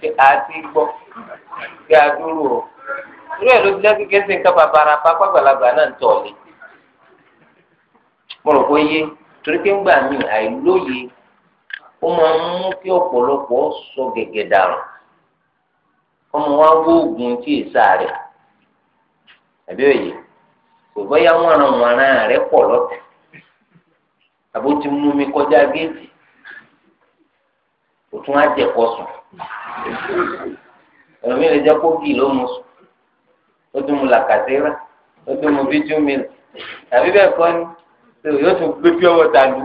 ṣé a ti gbọ́ ṣé a dúró o irú ẹ̀ ló ti bara náà ń tọ̀ lé mo rò yé torí pé ń gbà mí àìlóye ó máa ń mú kí ọ̀pọ̀lọpọ̀ sọ gẹ̀gẹ̀ dàrú ọmọ wa wó oògùn tí rẹ̀ òye. kò bóyá wọ́nra wọ́nra rẹ̀ pọ̀ lọ́tà àbó ti mú mi kọjá géètì kò tún á jẹ kọ sùn ẹlòmíì lè jẹ́ kó kì ló mu sùn ó tún mu làkàtẹ́rà ó tún mu fíjú mi tàbí bẹ́ẹ̀ kọ́ ni yóò tún gbé bí ọwọ́ ta lù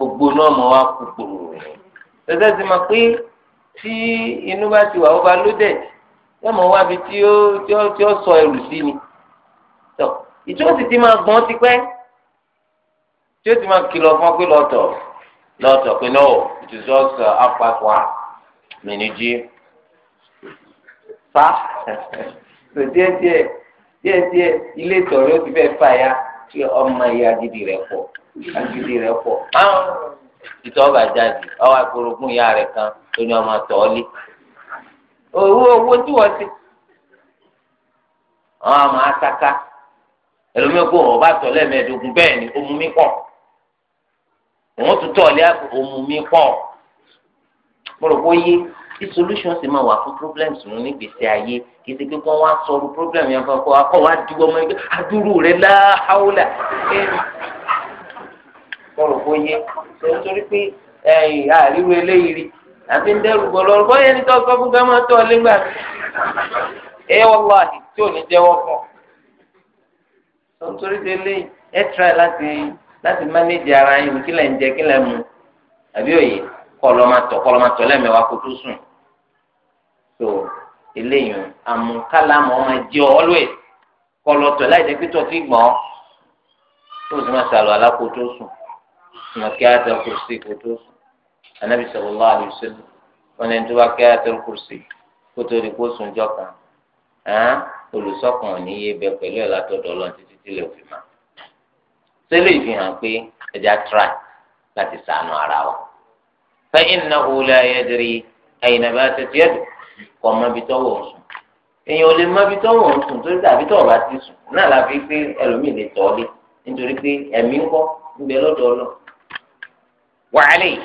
ú gbogbo náà mọ̀ wá kúkúrú rẹ̀ ṣẹṣẹ ti mọ̀ pé tí inú bá ti wà ó bá lódẹ̀ jù. yóò mọ wá bi tí ó tí ó tí ó sọ ẹrù sí ni tọ ìtú ó ti máa gbọn tí ó ti máa kìlọ fún ọ pé lọ́tọ̀ pé no it is just uh, mi ni jí fa tó ilé ìtọ̀rẹ́ ó ti fẹ́ fà ya ọmọ agidi ìtọ́ ọwọ́ kan tó ní owó owó tí wọ́n ti àwọn àmọ́ asaka ẹlòmíràn kò wọ́n bá tọ̀ lẹ́ẹ̀mẹ́ẹ̀dógún bẹ́ẹ̀ ni omu mi pọ̀ wọ́n tún tọ̀ lé omu mi pọ̀ mo rò pé ó yé tí solution sì máa wà fún problems nù nígbèsè ayé kì í ṣe pé kí wọ́n wá sọ̀rọ̀ problem yẹn fún ọ kọ́ wá dúró ọmọ ẹgbẹ́ adúrú rẹ láhàólà mo rò pé ó yé nítorí pé àríwú eléyìí rí àfi ń dẹrù bọ̀ lọ́rùn bọ́yá ẹni tó sọ fún ká máa tọ́ lé gbà mí. ẹ wàláhì tí ò ní jẹ́wọ́ fọ́. sọ́ńtórí délé ẹ tíra láti láti mánéjì ara yín kí lẹ̀ ń jẹ kí lẹ̀ mu àbí òye kọlọ́màtọ̀ kọlọ́màtọ̀ lẹ́mẹ̀wá kó tó sùn. so eléyìí àmúkálámọ̀ ọmọ ẹjẹ́ always kọlọ́tọ̀ láì jẹ́ pé tọ́tí gbọ́n tó sì máa ṣàlọ́ alákòótó sùn mọ̀ kí á tẹ́ kó sí kó tó sùn anabi sallallahu alaihi wasallam wọn ẹni tó bá kẹ́ àtẹrù kùrùsì kó tó di kó sùn jọ kan olùsọkàn ò ní yé bẹ pẹ̀lú ẹ̀ látọ̀dọ̀ ọlọ́run títí tí lè fi máa sẹ́lẹ̀ ìfihàn pé ẹja tra láti sànù ara wa fa innahu la yadri ayna batat yadu kọ́ mọ́bi tọ́wọ́ ń sùn èèyàn ò lè mọ́bi tọ́wọ́ sùn torí tàbí tọ́wọ́ bá ti sùn náà la pé ẹlòmíì lè tọ́ lé nítorí pé ẹ̀mí ń kọ́ ń bẹ lọ́dọ̀ ọlọ́ wàhálẹ̀ yìí.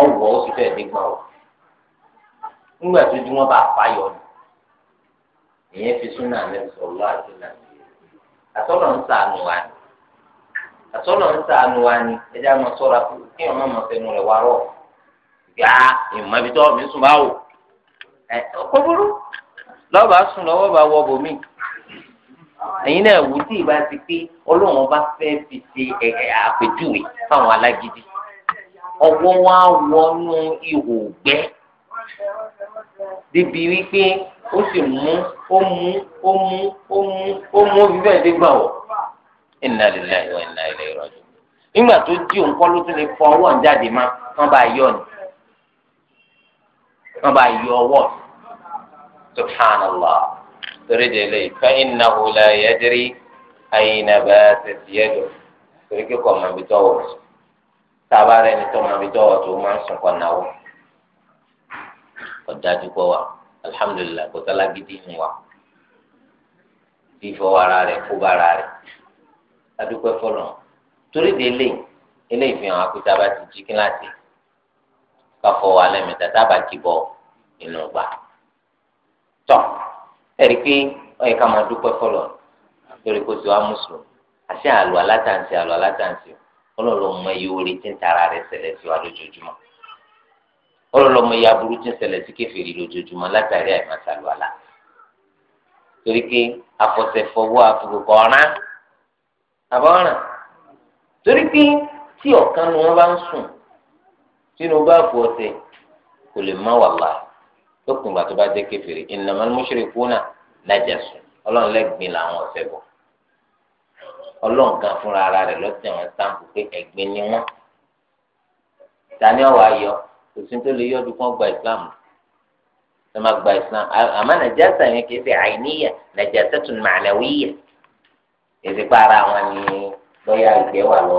ọwọ́ ó sì fẹ́ẹ̀ dégbà ọ nígbà tó di wọn bá fàyọ ni ìyẹn fi súnà nẹbi sọlọ àti nàìjíríà àtọ́nà ń sànù wa ni àtọ́nà ń sànù wa ni ẹjẹ́ àwọn sọ́ra kí wọ́n má máa fẹnu rẹ̀ wá rọ̀ gbà ìmọ̀ ibi tó mi sùn bá wò ẹ ọkọ burú lọ́ọ̀bà sùn lọ́wọ́ bá wọ bòmí ẹ̀yin náà wù tí ì bá ti pé ọlọ́run bá fẹ́ fi ṣe àpèjúwe fáwọn alágídí ọwọ́ wa wọnú ihò gbẹ́ débi wípé ó sì mú ó mú ó mú ó mú ó mú ó fi bẹ́ẹ̀ dé gbà wọ̀ inna lillahi wa inna ilayhi raji'un nígbà tó di òǹkọ́ ló tún lè fọ ọwọ́ ń jáde má wọ́n bá yọ ni wọ́n bá yọ ọwọ́ subhanallah torí délé fa innahu la yadri ayna torí kíkọ́ ọmọ ibi tọ́wọ́ sùn tába rẹ ní tọmọ àbí tọwọ tó máa ń sùn kọ náwó ọdájú kọ wa alihamudulilayi kò sálá gidi ń wa fífọ ara rẹ kó bára rẹ adúpẹ́ fọlọ torí de lè eléyìí fi hàn wá pé tába ti jí kíláàsì káfọ wa lẹ́mẹ̀ta tába jí bọ inú gbà tọ ẹ̀rí pé ọ̀yẹ́ máa dúpẹ́ fọlọ lórí kó sì wá mùsùlùmí àti àlọ́ alátàǹsì àlọ́ alátàǹsì o ọlọ́lọ́ mọ iye orí tí ń tara rẹ̀ ṣẹlẹ̀ sí wa lójoojúmọ́ ọlọ́lọ́ mọ iye aburú tí ń ṣẹlẹ̀ sí kèfèrí lójoojúmọ́ látàrí àìmọ́sálù àlá torí pé afọ̀sẹ̀fọwọ́ àfọ̀kọ̀kọ̀ ọ̀ràn àbọ̀ràn torí pé tí ọ̀kan ni wọ́n bá ń sùn sínú báàbù ọ̀sẹ̀ kò lè má wà láà lókùn ìgbà tó bá jẹ́ kèfèrí innamal mushrikuna najasun ọlọ́run lẹ́gbìn làwọn ọ̀sẹ̀ bọ̀ ọlọ́run gan fúnra ara rẹ̀ lọ́sẹ̀ wọn sáǹpù pé ẹ̀gbin ni wọ́n tani ọ̀wá yọ kò sí tó lè yọ ọdún kan gba islam ẹ máa gba islam àmọ́ nàìjíríà yẹn kì í ṣe àìníyà nàìjíríà tún màlẹ́wìyà ìsìnkú ara wọn ni lọ́yà ìgbẹ́ wà lọ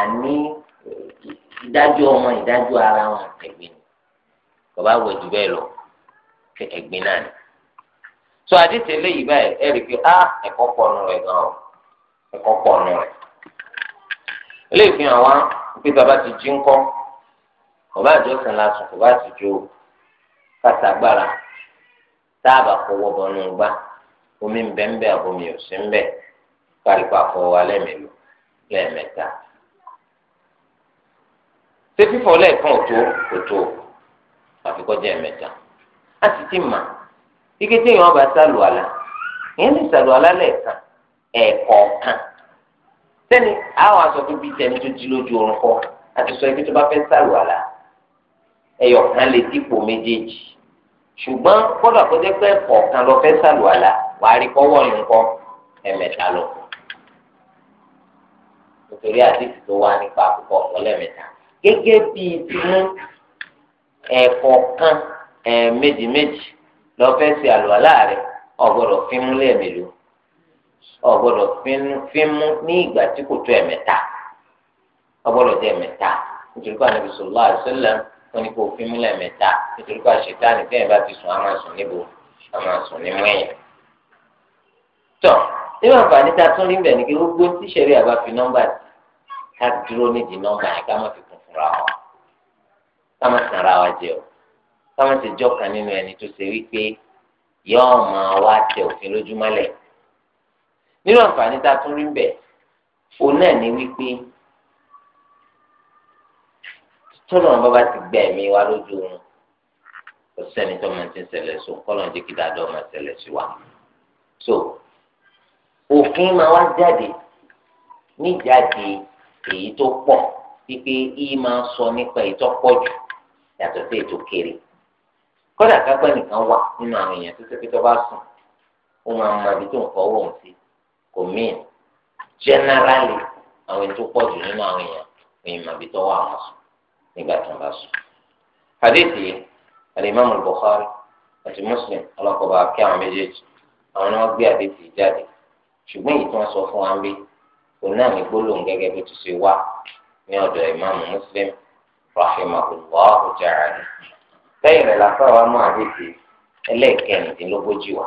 àní hmm. eh, ìdájọ́ ọmọ ìdájọ́ ara wọn ẹ̀gbin ni bàbá wọ jù bẹ́ẹ̀ lọ ẹ̀gbin náà ni. sọ àdìsẹ́ lẹ́yìn báyìí ẹ̀rí pé ah, ẹ̀kọ́ pọ̀ nù rẹ̀ gan-an ẹ̀kọ́ pọ̀ nù rẹ̀ ilé ìfihàn wa pé bàbá ti jí ńkọ́ bàbá àjọsìn la sùn kò bá ti jó kásàgbára táàbà kọwọ́ bọnú gbá omi ń bẹ́ ń bẹ́ àbomi ò sí ń bẹ́ kárípa fọwọ́ alẹ́ mélòó lẹ́ẹ̀mẹ́ta ṣé fífọ̀ lẹ́ẹ̀kan òtó òtó àfikọ́jẹ́ ẹ̀mẹ́ta a sì ti mà ike tí èèyàn bá sálù àlà èèyàn lè sálù àlà lẹ́ẹ̀kan Ekọ sẹ́ni àwọn aṣọ tó bí tẹ̀mí tó di lójú oorun kọ́ àti sọ ibi tó bá fẹ́ sàlùwàlà ẹ̀yọ̀kan lè dípò méjèèjì ṣùgbọ́n kọ́dà kó jẹ́ pé ẹ̀kọ̀ọ̀kan lọ fẹ́ sàlùwàlà wàá rí kọ́wọ́ yín kọ́ ẹ̀mẹ̀ta lọ nítorí àdìsí tó nípa àkókò gẹ́gẹ́ bíi ti ẹ̀kọ̀ọ̀kan ẹ̀ẹ̀méjì lọ fẹ́ ọgbọ́dọ̀ fímú ní ìgbà tí kò tó ẹ̀mẹ́ta ọgbọ́dọ̀ jẹ ẹ̀mẹ́ta nítorí pé ànábi sọlá àṣẹlẹ wọn ni kò fímú lẹ́ẹ̀mẹ́ta nítorí pé àṣetá ni tẹyìn bá ti sùn á máa sùn níbo á máa sùn ní mẹyìn. tọ nínú àǹfààní tá a tún rí bẹ́ẹ̀ ni kí gbogbo tíṣẹ̀rí àbá fi nọ́mbà ká dúró nídìí nọ́mbà yẹn ká má fi kún fúnra wa ká má sàn ara wa jẹ o ká má ti jọ́ kan nínú ẹni tó ṣe wípé yọ́ọ̀ máa wá tẹ òfin lójúmọ́lẹ̀ nínú àǹfààní tá a tún rí ń bẹ òun náà ní wípé tọ́lọ̀ bàbá ti gbẹ ẹ̀mí wa lójú wọn kò tó máa ti ń ṣẹlẹ̀ sùn kọ́lọ̀ jẹ́ kí dáadọ́ máa ṣẹlẹ̀ sí wa. so òfin máa wá jáde níjáde èyí tó pọ̀ wípé yìí máa sọ nípa èyí tó pọ̀ jù yàtọ̀ sí èyí tó kéré kódà kápẹ́ nìkan wà nínú àwọn èèyàn tó ṣe pé tó bá sùn ó máa mọ ibi tó ń fọwọ́ òun sí kò mean generally àwọn ètò pọ̀ jù nínú àwọn èèyàn èèyàn màbí tó wà wọn sùn nígbà tó ń bá sùn. hadithi alimami al àti Muslim ọlọ́kọ̀ọ́ba kí àwọn méjèèjì àwọn ni wọ́n gbé hadithi jáde ṣùgbọ́n èyí tí wọ́n sọ fún wa ń bí kò náà ní gbólóhùn gẹ́gẹ́ ṣe wá ní ọ̀dọ̀ Muslim rẹ̀ làfẹ́ wa mú wa.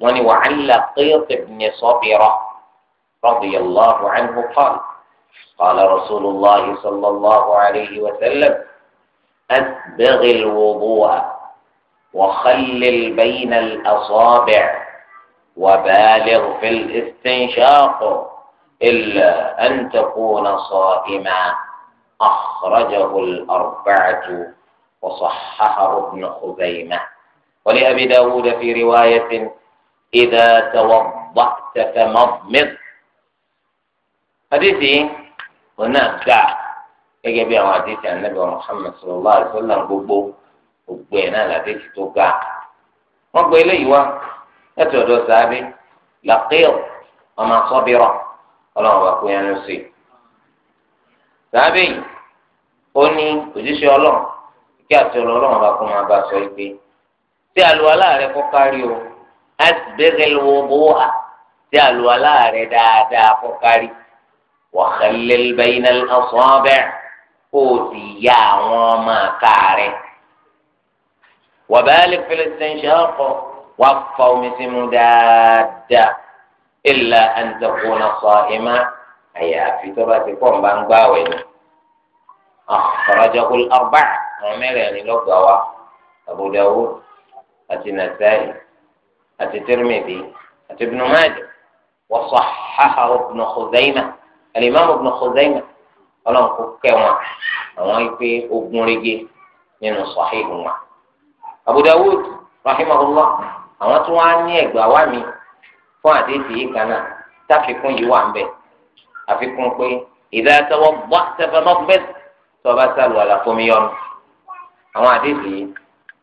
وني وعلى قيط بن صبرة رضي الله عنه قال قال رسول الله صلى الله عليه وسلم أسبغ الوضوء وخلل بين الأصابع وبالغ في الاستنشاق إلا أن تكون صائما أخرجه الأربعة وصححه ابن خزيمة ولأبي داود في رواية إذا توضأت فمضمض حديثي هنا كعب gẹ́gẹ́ bí àwọn àdéhìí ànábì wa muhammed sallallahu alayhi wa sallam gbogbo gbogbo ẹ̀ náà làdéhìí tó ga wọ́n gbé eléyìí wá láti ọ̀dọ̀ sàábé làkìr ọmọ sọ́bìrọ̀ ọlọ́run bá kú yẹn ló sí. sàábé yìí ó ní òjíṣẹ́ ọlọ́run kí àti ọlọ́run bá kú máa bá sọ pé tí àlùwalá rẹ kọ́ kárí o أسبغ الوضوء تعلو ولا ردا دا فقري وخلل بين الأصابع أوتيا وما كاره وبالغ في الاستنشاق وفوا مسم داد إلا أن تكون صائما أي في ترى بانباوين أخرجه الأربع عمر يعني لو أبو داود النسائي àti Tirmidhi àti Ibn Majah wa sahhahahu Ibn Khuzaymah al-Imam Ibn Khuzaymah ọlọ́run kò kẹ́ wọn àwọn ipe ogun rege nínú Sahih wọn. Abu Dawud rahimahullah àwọn tí wọ́n á ní ẹ̀gbà wá mi fún àdéhùn yìí táfikún yìí wà ń bẹ̀ àfikún pé idha tawadda'ta famadmid tí sálù àlàfo mi yọnu àwọn àdéhùn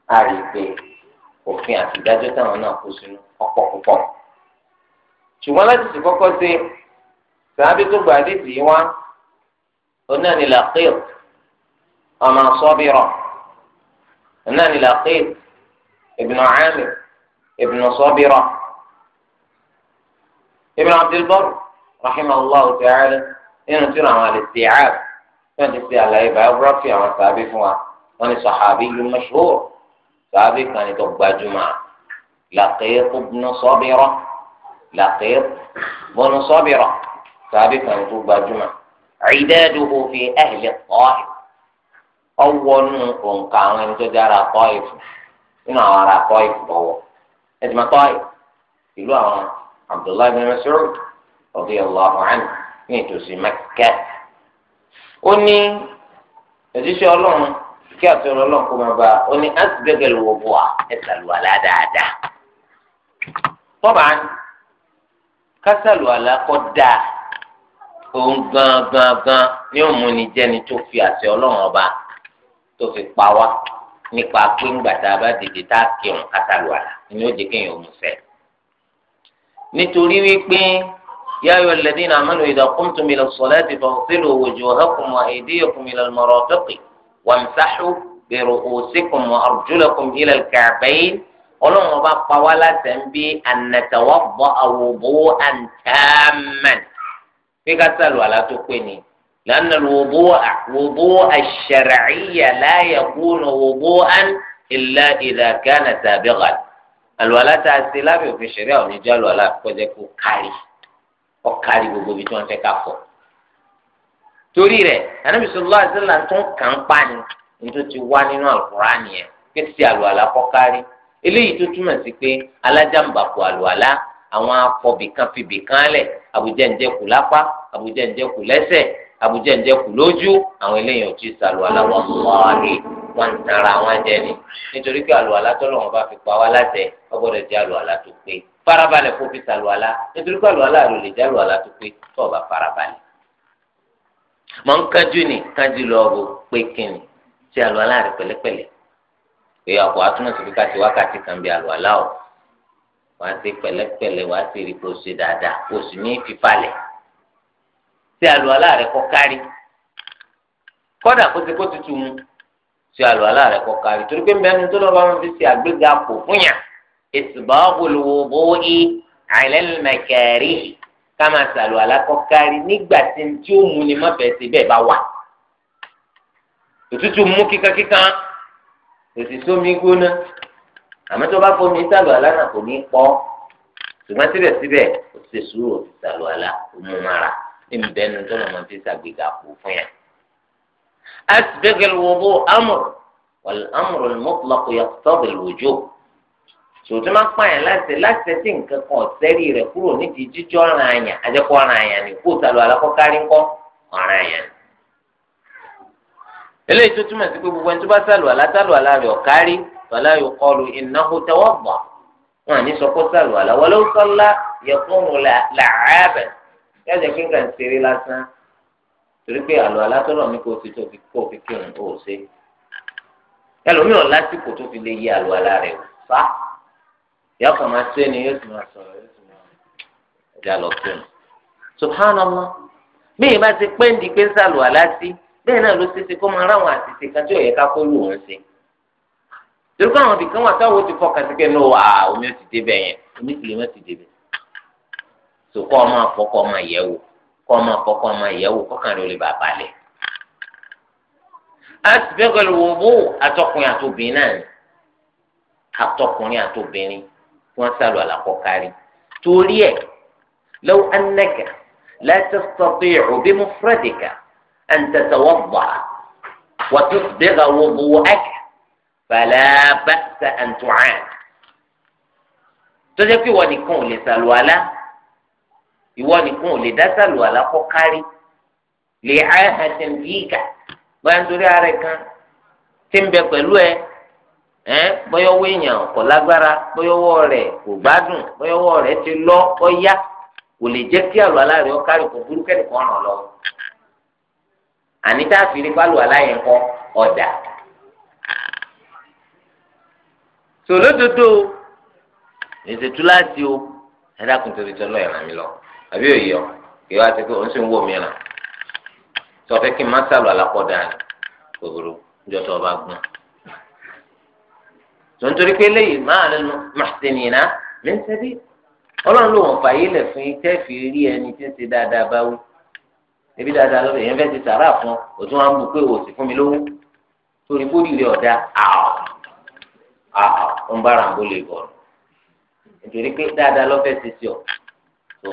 á rí i pé òfin àti ìdájọ́ táwọn náà kó sínú ọ̀pọ̀ púpọ̀ ṣùgbọ́n láti sì kọ́kọ́ ṣe sàábí tó gba àdéhìí wá onáni làkìr ọmọ sọ́bìrọ̀ onáni làkìr ìbùnà ámì ìbùnà sọ́bìrọ̀ ìbùnà abdulbar rahimahullah ta'ala nínú tí wọn àwọn àlèsè ààb tí wọn ti ṣe àlàyé biography àwọn sàábí fún wa wọn ni sàhábí yìí mashhur sàbí kan ní tó gbajúmọ̀ Laqit ibn Sabira Laqit ibn Sabira sàbí kan ní tó gbajúmọ̀ idaduhu fi ahli Ta'if ọwọ́nù òǹkà àwọn ẹni tó dára Ta'if nínú àwọn ará Ta'if lọ́wọ́ ẹ̀sìn máa Ta'if ìlú àwọn Abdullahi bin Mas'ud radiyallahu anhu ní ìtòsí Mẹ́kẹ́ ó ní òjíṣẹ́ kí àtúnyẹ̀wò ọlọ́run kó máa bá a ó ní asibẹ́gẹ̀lì wò bọ̀ à ẹ̀ sàlùwàlà dáadáa. tọ́ba kásàlùwàlà kọ́ dáa òun gangan ni ó mú ni jẹ́ni tó fi àṣẹ ọlọ́run ọba tó fi pa wá nípa pé ńgbà tá a bá dìde tá a kírun kásàlùwàlà ni ó jẹ́ kéèyàn mú fẹ́. nítorí wípé يا أيها الذين آمنوا إذا قمتم إلى الصلاة فاغسلوا وجوهكم وأيديكم إلى المرافق wamsahu bi ru'usikum wa arjulakum ila al-ka'bayn ọlọ́run ọba pa wá láti ń bí ànàtàwọ́bọ̀ àwòbó àǹtàmàn pé ká sàlù àlátó pé ni lánà wòbó àwòbó àṣàràyà láyà kúnà wòbó àn ilà ìdàgánà tàbí ghal àlùwàlá tá ṣe lábẹ́ òfin ṣẹ̀ríà òní jẹ́ àlùwàlá kọjá kó kárí ọ gbogbo ibi tí wọ́n fẹ́ ká fọ̀ torí rẹ̀ anabi sọlá àdìsẹlá tó ń kàn pa ni nítorí ti wá nínú àlùkùrá nìyẹn pé ti àlùwàlà kọkárí eléyìí tó túmọ̀ sí pé alájàmbàkù àlùwàlà àwọn afọbìkan fìbìkan lẹ̀ àbújẹ́njẹ́kù lápá àbújẹ́njẹ́kù lẹ́sẹ̀ àbújẹ́njẹ́kù lójú àwọn eléyìí ò tí ì sàlùwàlà wọn wọ́ọ̀rì wọn ń tara wọn jẹ ni nítorí pé àlùwàlà tọ́lọ̀ wọn bá fi pa wá láṣẹ ọgbọ́dọ̀ jẹ́ àlùwàlà tó pé farabalẹ̀ kó fi sàlùwàlà nítorí pé àlùwàlà rẹ̀ lè jẹ́ àlùwàlà tó pé tó o bá farabalẹ̀ mọ̀ ń kájú ni kájú lọ bó pé kíni ṣe àlọ́ aláàrẹ pẹ̀lẹ́pẹ̀lẹ́ pé ọkọ̀ atúmọ̀ sí kíkà sí wákàtí kan bí àlọ́ aláwọ̀ wá sí pẹ̀lẹ́pẹ̀lẹ́ wá sí rí kó ṣe dáadáa kó sì ní fífalẹ̀ ṣe àlọ́ aláàrẹ kọ́ kárí kọ́dà kó ti kó tutù mu ṣe àlọ́ aláàrẹ kọ́ kárí torí pé mbẹ́nu tó lọ́ọ́ bá wọn fi ṣe àgbéga pò fún yàn ìsìbáwò lówó bó ká máa sàlù alákọ̀ọ́kárí nígbà tí n tí ó mu ni má bẹ̀ẹ́ sí bẹ́ẹ̀ bá wà. òtútù mú kíkankíkan èsì sómi gbóná àmọ́ tó bá fomi sàlù alá náà kò ní pọ́ ṣùgbọ́n síbẹ̀síbẹ̀ ó ti sùúrù ti sàlù alá òmù mara ní bẹ́ẹ̀nu tó lọ́mọ fi ṣàgbéga kú fún yẹn. asbigh al-wudu amr wal amr al-mutlaq sòtú máa ń pààyàn láti láti tí nǹkan kan ọ̀sẹ́rì rẹ̀ kúrò nídìí jíjọ́ ọ̀ràn àyàn àjẹpọ̀ ọ̀ràn àyàn ni kó sàlù alákọ̀ọ́kárí ńkọ́ ọ̀ràn àyàn ni. eléyìí tó túmọ̀ sí pé gbogbo ẹni tó bá sàlù alátàlù alárẹ̀ ọ̀kárí wàlá yóò kọlu innahu tawadda wọn àní sọ pé sàlù alá wọlé ó sọlá yẹkùnrún làábẹ̀ yájẹ pé nǹkan ṣeré lásán torí pé àlọ́ alátọ́lọ́ ní kò sí tó fi kó fi kírun ó ṣe ẹlòmíràn lásìkò tó fi lè yí àlọ́ alá rẹ̀ fà á ìyá kan máa ṣe ni yóò sì máa sọ̀rọ̀ yóò sì máa ẹ̀dá lọ fún un. subhanallah bí ìbá ti pé ń di pé ń sàlù aláṣí bẹ́ẹ̀ náà ló ṣe ṣe kó máa ráwọn àṣìṣe kan tí òye ká kó lù wọ́n ṣe. torí káwọn ibì kan wà táwọn ti fọkàn sí ní wà omi ò ti débẹ̀ yẹn omi kìlẹ̀ mọ́ ti débẹ̀. sò kọ́ ọmọ àkọ́kọ́ ọmọ ìyẹ̀wò kọ́ ọmọ àkọ́kọ́ ọmọ ìyẹ̀wò kọ́kàn rẹ̀ ó lè bà balẹ̀. àti bẹ́ẹ̀ pẹ̀lú wo àtọkùnrin àtobìnrin náà ni wọ́n sálọ àlàkọ kárí torí ẹ̀ law annaka la tastati'u bi mufradika an tatawadda wa tusbigha wudu'aka fala ba'sa an tu'ad tó jẹ́ pé ìwọ nìkan ò lè sálọ àlá ìwọ nìkan ò lè dá sálọ àlá kọ kárí lè áhà tẹ̀m̀bíkà báyìí nítorí ara ẹ̀ kan tí ń bẹ pẹ̀lú ẹ ẹ bọyọwọ èèyàn kò lágbára bọyọwọ kò gbádùn bọyọwọ rẹ ti lọ ọyá kò lè jẹ kí àlọ aláàrẹ ọkàrí kò burú kẹnìkan lọ àní tá a o lọ àbí òye ọ kí wàá ti wò mí fẹ́ kí n má kò burú tó tontori pé léyìí máa lè nu màsìnìyàn náà mi ń sẹ́bí ọlọ́run ló wọ̀n fàyè lẹ̀ fún yín tẹ́ fi rí ẹni tí ń ṣe dáadáa bá wí ebi dáadáa lọ́dọ̀ yẹn fẹ́ ti sàrà fún o tún wá ń bu pé o sì fún mi lówó torí bóyì rẹ̀ ọ̀dà àwọ̀ àwọ̀ ń bára ń bó lè bọ̀ nítorí pé dáadáa lọ́ fẹ́ ti sí ọ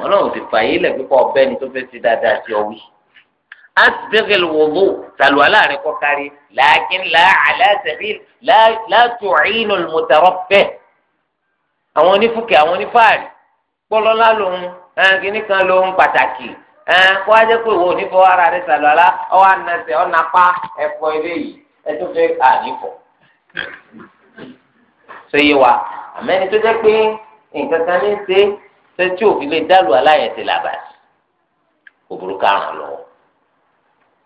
ọlọ́run ti fàyè lẹ̀ pípọ̀ ọbẹ̀ ni tó fẹ́ ti dáadáa sí ọ wí. أسبغ الوضوء سألوا لا ركوكاري لكن لا على سبيل لا لا تعين المترفه àwọn onífúkẹ́ àwọn onífàárì gbọ́lọ́lá lòun kìíní kan lòun pàtàkì kó wá jẹ́ pé ìwọ onífọ́ ara rẹ̀ sàlọ́ alá ọwọ́ anasẹ̀ ọ̀nàpá ẹ̀fọ́ eléyìí ẹtún fẹ́ ànífọ̀. ṣé yé wa àmẹ́ni tó jẹ́ pé nǹkan kan ní ṣe ṣe tí òfin lè dálù aláyẹ̀tẹ̀ làbàṣì kò burúkú àrùn lọ́wọ́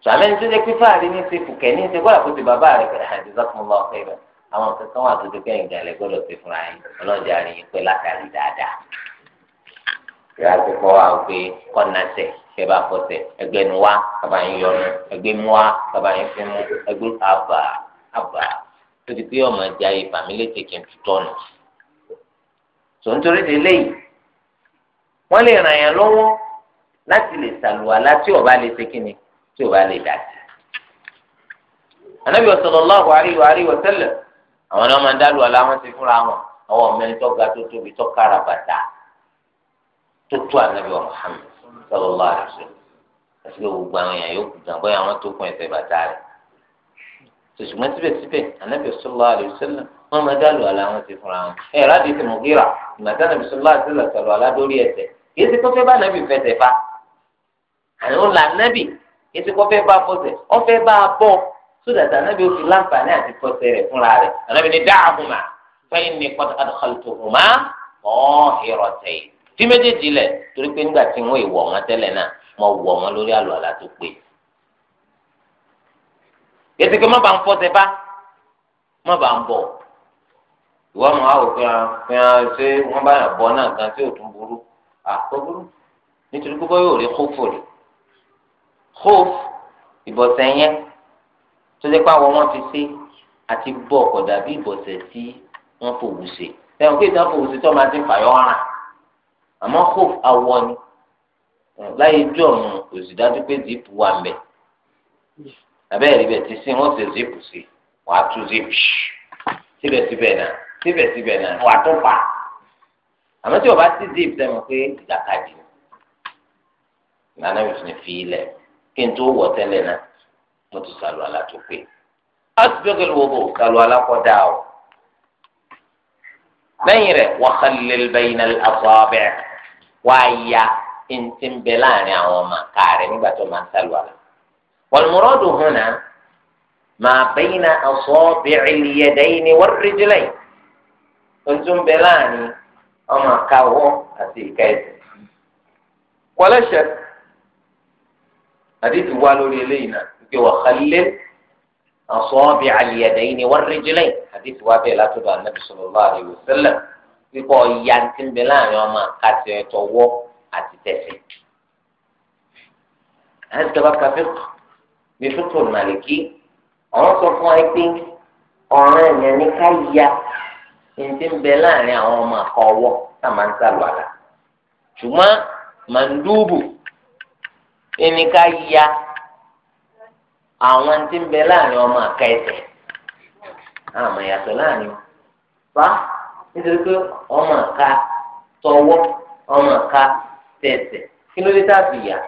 sàmì ní tẹ́lẹ̀ pípa àrí ní ti fùkẹ́ ní ti gbọ́dọ̀ kó ti bàbá rẹ̀ kẹ́rẹ́ àti zọ́kùnmọ́ ọ̀kẹ́ rẹ̀ àwọn kankan wà tó ti pẹ́ ìgbà rẹ̀ gbọ́dọ̀ ti fúnra yín ọlọ́jà rẹ̀ yín pé látàrí dáadáa. ìyá ti kọ́ wa pé kọ́nàṣẹ́ kẹ́ bá fọṣẹ ẹgbẹ́ nu wa kaba yín yọnu ẹgbẹ́ mu wa kaba yín fi mu ẹgbẹ́ àbà àbà tó ti pé ọmọ ẹja yìí fàmílì kẹ̀kẹ́ tutọ́nu. sòńtórí tí o bá lè dàtí. anabi sallallahu alayhi wa alihi wa sallam àwọn náà máa ń dálù ọ̀la wọn ti fúnra wọn àwọn ọmọdé tó ga tó tóbi tó kára bàtà tó tó anabi wa Muhammad sallallahu alayhi wa sallam àti pé gbogbo àwọn èèyàn yóò kú jàǹbọ́ yà wọ́n tó kún ẹsẹ̀ bàtà rẹ̀ tòṣùgbọ́n síbẹ̀síbẹ̀ anabi sallallahu alayhi wa sallam wọn máa dálù ọ̀la wọn èsì kò fẹ́ bá fọsẹ̀ ọ fẹ́ bá a bọ̀ sódà tí anabi òfin láǹfààní àti fọsẹ̀ rẹ̀ fúnra rẹ̀ anabi ni dáhùnmá fẹ́yìn ní kọ́tà àdàkàlùtòhùnmá ọ̀hìnrọ̀tẹ̀ tí méjèèjì lẹ̀ torí pé nígbà tí wọ́n ìwọ̀ wọn tẹ́lẹ̀ náà mo wọ̀ wọn lórí àlọ́ àlá tó pé èsì kò má bàa ń fọsẹ̀ bá má bàa bọ̀ ìwọ mọ àwọn òfin àfihàn ṣé wọn bá yàn bọ náà gan tí ò hof ìbọ̀sẹ̀ yẹn tó dé pa àwọn wọn fi sí àti bọ́ ọ̀kọ̀ dàbí ìbọ̀sẹ̀ tí wọ́n fòwú ṣe sẹ́wọ̀n kí ìtàn fòwú ṣe tó máa ti fàyọ́ ọ̀ràn àmọ́ hof awọ ni láyé ijó ọ̀run òsì dájú pé zipu wà mẹ́ abẹ́rẹ́ ibẹ̀ ti sin wọ́n ṣe zipu sí wàá tú zipu síbẹ̀síbẹ̀ náà síbẹ̀síbẹ̀ náà wàá tó pa àmọ́ tí o bá ti zip sẹ́wọ̀n pé ìjàkadì ni ìlànà ìfìfì ilẹ̀ kí n tó wọ̀ tẹ́lẹ̀ náà mo ti sàlù alátó pé asibẹ́kẹ̀ ló wọ́pọ̀ sàlù alákọ̀dá o lẹ́yìn rẹ̀ wàhálẹ́lẹ́ bẹ́yìn náà àfọ̀ abẹ́ wàá ya ntí ń bẹ láàrin àwọn ọmọ kárẹ̀ nígbà tó máa sàlù alá wàlmúrọ́dù hùnà máa bẹ́yìn náà àfọ̀ bẹ́ẹ̀ lìyẹ̀dẹ́yìn ni wọ́n rí jùlẹ̀ ntí ń bẹ láàrin ọmọ àkàwọ́ àti ìkẹyẹ kọ́lẹ́sẹ̀ àdéhùn wá lórí eléyìí náà wípé wà kálẹ̀ àsọ́ọ̀bì àlìyàdẹ́yìn ni wọ́n rẹ́jìlẹ̀ àdéhùn wá bẹ́ẹ̀ látọ̀dọ̀ ànábì sallallahu alaihi wasallam wípé ọ̀ya ti ń bẹ láàrin ọmọ àkàtì ẹ̀tọ́wọ́ àti tẹ̀sẹ̀. àdìgbà kàfíkù ní fíkù màlìkí àwọn sọ fún wa pé ọ̀ràn èèyàn ní ya ti ń bẹ láàrin àwọn ọmọ àkọ́wọ́ tá a máa ń sálọ àlà ṣùgbọ́n màndúbù ẹni ká ya àwọn tí ń bẹ láàrin ọmọ àka ẹsẹ̀ àmọ́ ìyàtọ̀ láàrin fa nítorí pé ọmọ àka tọwọ́ ọmọ àka tẹsẹ̀ kí ló dé yá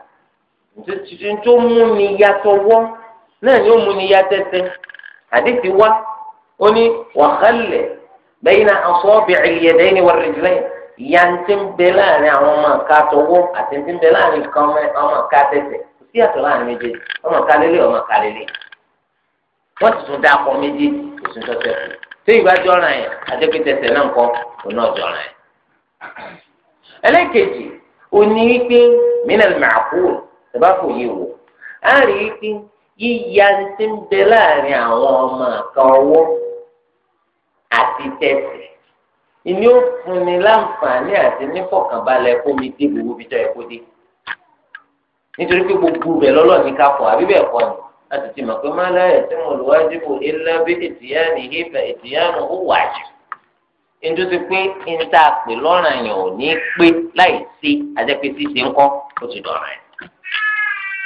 tuntun tó mú ni ya tọwọ, náà ni ó ni ya tẹsẹ̀ àdìsí wa ó ní wàhálẹ̀ bẹ́yìn náà asọ́ọ̀bì ẹ̀yẹ̀dẹ́yìn wà ìyá ti ń bẹ láàrin àwọn ọmọ nǹka tọwọ́ àti ti ń bẹ láàrin kan ọmọ nǹka tẹsẹ̀ kò sí àtọ̀ láàrin méjèèjì ọmọ nǹka lélẹ̀ ọmọ nǹka lélẹ̀ wọ́n ti tún dáa pọ̀ méjì kò sí tọ́tẹ́ fún tí ìgbà jọra yẹn àjẹpẹ́ tẹsẹ̀ náà kọ́ kò náà jọra yẹn. ẹlẹ́kejì òní wípé mínàlì màkúù ẹ fò yí wò á rí wípé yíya ti ń bẹ àwọn ọmọ nǹka ọwọ́ àti tẹsẹ̀ ìní ó fúnni láǹfààní àti nífọ̀kànbalẹ̀ kó mi dé gbogbo ibi tó yẹ kó dé nítorí pé gbogbo rẹ̀ lọ́lọ́ ní ká fọ̀ àbí bẹ́ẹ̀ kọ́ ni láti ti mọ̀ pé má láyé tí mo lò wájú bò ilá bí ìtìyáni ìfẹ́ ìtìyánu ó wájú nítorí pé n ta pè lọ́ràn yẹn ò ní pé láì sí ajẹ́pẹ́ ṣíṣe ń kọ́ ó ti dọ̀ràn ẹ̀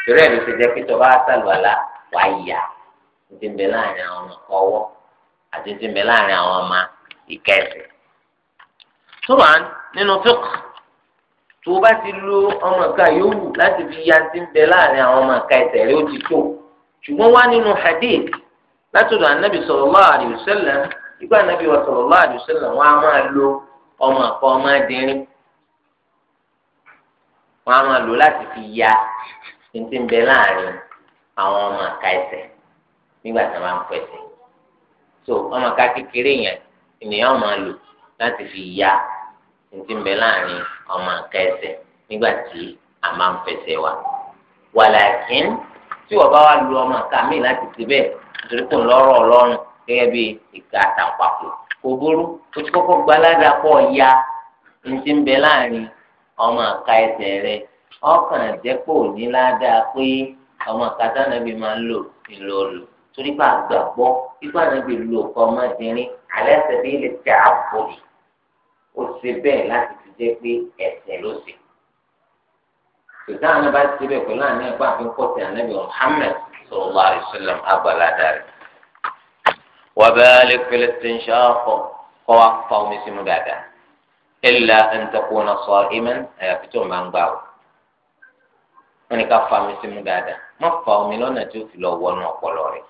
torí ẹ̀ ló jẹ́ pé tó bá sàlùwàlà wàá yà ní láàrin àwọn ọmọ ọwọ́ àti ti láàrin àwọn ọmọ ìkẹsẹ̀ turan nínú fiqh tó o bá ti lo ọmọ ìka yòówù láti fi ya ti ń bẹ láàrin àwọn ọmọ ìka ẹsẹ̀ rẹ ó ti tó ṣùgbọ́n wá nínú hadith látọ̀dọ̀ anabi sallallahu alaihi wasallam ìgbà anabi wa sallallahu alaihi wasallam wọn a máa lo ọmọ àpọ ọmọ adìrin wọn a máa lò láti fi ya ti ń bẹ láàrin àwọn ọmọ ìka ẹsẹ̀ nígbà tí wọn bá ń so ọmọ ìka kékeré yẹn ènìyàn máa lò láti fi ya ntí ń bẹ láàrin ọmọ nǹkan ẹsẹ̀ nígbà tí a máa ń fẹsẹ̀ wa wàlàkín tí wọ́n bá wà lu ọmọ nǹkan mi láti ti bẹ́ẹ̀ nítorí kò lọ́rọ̀ ọlọ́run gẹ́gẹ́ bí ìka àtàǹpàkò kò burú o ti kọ́kọ́ gba pọ̀ ya ntí ń bẹ láàrin ọmọ nǹkan ẹsẹ̀ rẹ ọkàn jẹ́pọ̀ ní ládàá pé ọmọ nǹkan tánàbí máa ń lò ńlò lò torí pé àgbà gbọ́ ipá náà bí lu ọmọ ìdínrín alẹ́ sẹ́bí lè tẹ àpò yìí ó ṣe bẹ́ẹ̀ láti fi jẹ́ pé ẹ̀ṣẹ̀ ló ṣe. sùdán náà bá ti bẹ̀ pẹ̀lú àná ẹ̀gbọ́n àfi ń pọ̀ sí ànábì Muhammad sallallahu alaihi wasallam abalada rẹ̀. wàbẹ́ẹ́lẹ́ pẹlẹtẹ ń ṣàkọ kọ́ wa fa omi sínú dáadáa. illa an takuna sa'iman àyàfi tó máa ń gbà wò. wọ́n ní ká fa omi sínú dáadáa má fa omi lọ́nà tí ó fi lọ wọnú ọpọlọ rẹ̀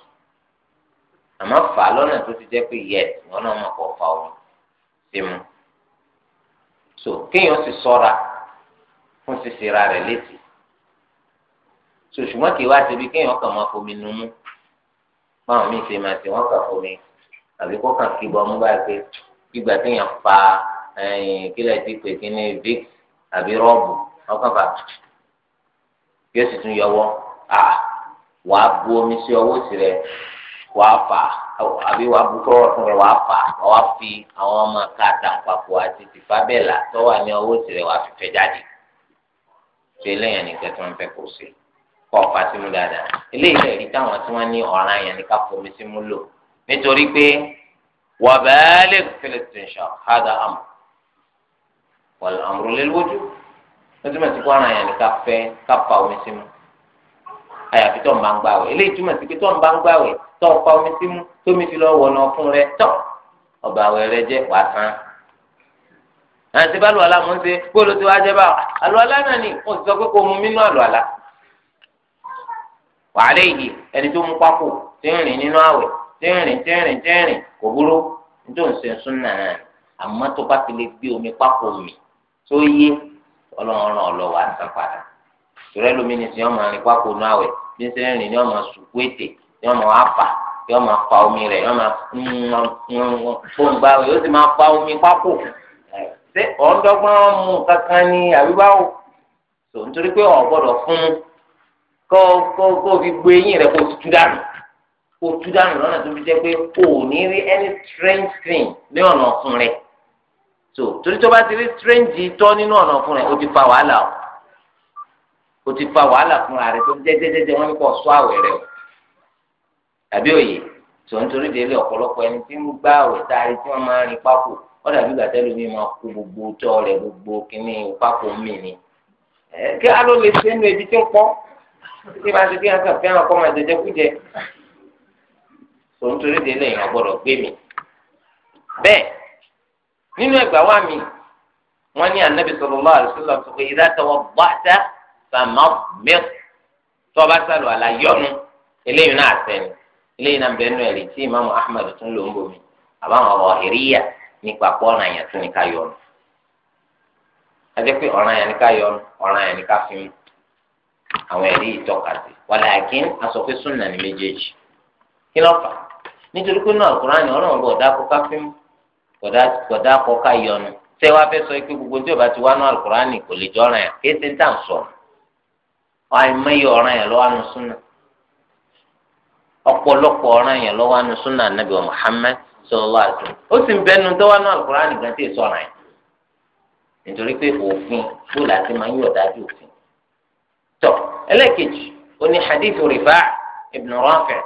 àmọ́ fà lọ́nà tó ti jẹ́ pé yẹ wọn náà fa omi símu so kéèyàn sì sọ́ra fún sísera rẹ̀ létí so ṣùgbọ́n kì í wá síbi kéèyàn kàn máa fomi nu mú báwọn míì ṣe máa ṣe wọ́n kàn fomi àbí kó kàn kí bọ́ mú báyìí pé gbígbà téèyàn fa kílẹ̀ tí pè kí ní vic àbí rọ́ọ̀bù ọkàn fà yóò sì tún yọwọ́ à wàá bu omi sí ọwọ́ sí rẹ̀ wàá fà á àbí wàá bukúrọ̀ ọ̀tún rẹ̀ wàá fà wàá fi àwọn ọmọ káàtà papọ̀ àti tìfábẹ́là tó wà ní ọwọ́ tirẹ̀ wàá fi fẹ́ jáde ṣe lẹ́yìn nìkan tí wọ́n fẹ́ kó ṣe kọ́ ọ̀fà sí mu dáadáa eléyìí lẹ́ẹ̀rí táwọn tí wọ́n ní ọ̀ràn yẹn ní ká fomi sí mu lò nítorí pé wà bẹ́ẹ̀ lè fẹ́lẹ̀ tó ń ṣe ọ̀kadà àmọ̀ wà lọ́mọrún lé lójú lọ́tí mẹ́tìkọ́ ọ̀ràn yẹn ní ká fẹ́ ká fa omi sí mu àyàfi tó ń bá ń gbà wẹ̀ eléyìí túmọ̀ sí pé tó ń bá ń pa omi sí mú tómi fi lọ́ fún rẹ tọ́ ọba àwẹ̀ rẹ jẹ́ wà tán. àti bá lu àlá mò ń ṣe bá àlọ́ àlá náà ni mo sọ pé kò mú mi nú àlọ́ àlá. wàhálà èyí ẹni tó mú pákó ti lè gbé omi pákó mi tó yé ọlọ́run tìrẹ lómi ni tí wọn máa rìn pákó nù àwẹ bí ń sẹ́yìn rìn ni omi rẹ ni wọn yóò máa omi ṣé mu kankan ni àbíbáwò tó nítorí pé ọ̀ gbọ́dọ̀ fún kó kó kó rẹ kó dànù kó dànù lọ́nà tó fi jẹ́ pé kò any strange thing ní ọ̀nà ọ̀fun rẹ tó torí strange tọ́ nínú ọ̀nà ọ̀fun rẹ ó ti fa o. o ti fa wàhálà fúnra rẹ tó jẹjẹjẹjẹ wọn kò sọ àwẹ̀ rẹ o tàbí òye tó ń torí délé ọ̀pọ̀lọpọ̀ ẹni tí ń gbá àwẹ̀ táàrí tí wọ́n máa ń rin pákó wọ́n dàbí gbàtẹ́lu mi máa kó gbogbo tọ́ rẹ gbogbo kínní pákó mi ni kí aló lè ṣe nu ebi tí ń pọ́ tí bá ti kí wọn kàn fẹ́ràn kọ́ máa jẹjẹ kú jẹ tó ń torí délé èèyàn gbọ́dọ̀ gbé mi bẹ́ẹ̀ nínú ẹgbàá wa mi wọ́n ní anabi sallallahu alaihi wasallam sọ pé fàmọ́ mẹ́k tọ́ba sálù àlàyọ́nu eléyìí náà sẹ́ni eléyìí náà bẹ́ẹ̀ nù ẹ̀rí tí ìmáàmù ahmed tún ló ń bomi àbáwọn ọ̀hìríyà nípa pọ́ ọ̀ràn yẹn tún ní ká yọnu ajẹ́ ọ̀ràn yẹn ní ká yọnu ọ̀ràn yẹn ní ká fi mú àwọn ẹ̀rí ìtọ́ka sí wàlàkín aṣọ pé súnà ní méjèèjì kí ló fà nítorí pé náà kúrán ni ọlọ́run bọ̀ dáko ká fi mú bọ̀dá kọ́ ká yọnu àìmọye ọ̀ràn yẹn lọ́wọ́ àánú súnà ọ̀pọ̀lọpọ̀ ọ̀ràn yẹn lọ́wọ́ àánú súnà nàbì Muhammad sallallahu alaihi wasallam ó sì ń bẹnu tó wà ní Al-Qur'ani nìkan tí èso ọ̀ràn yẹn nítorí pé òfin tó láti máa ń dájú òfin ní hadith Rifa' ibn Rafi'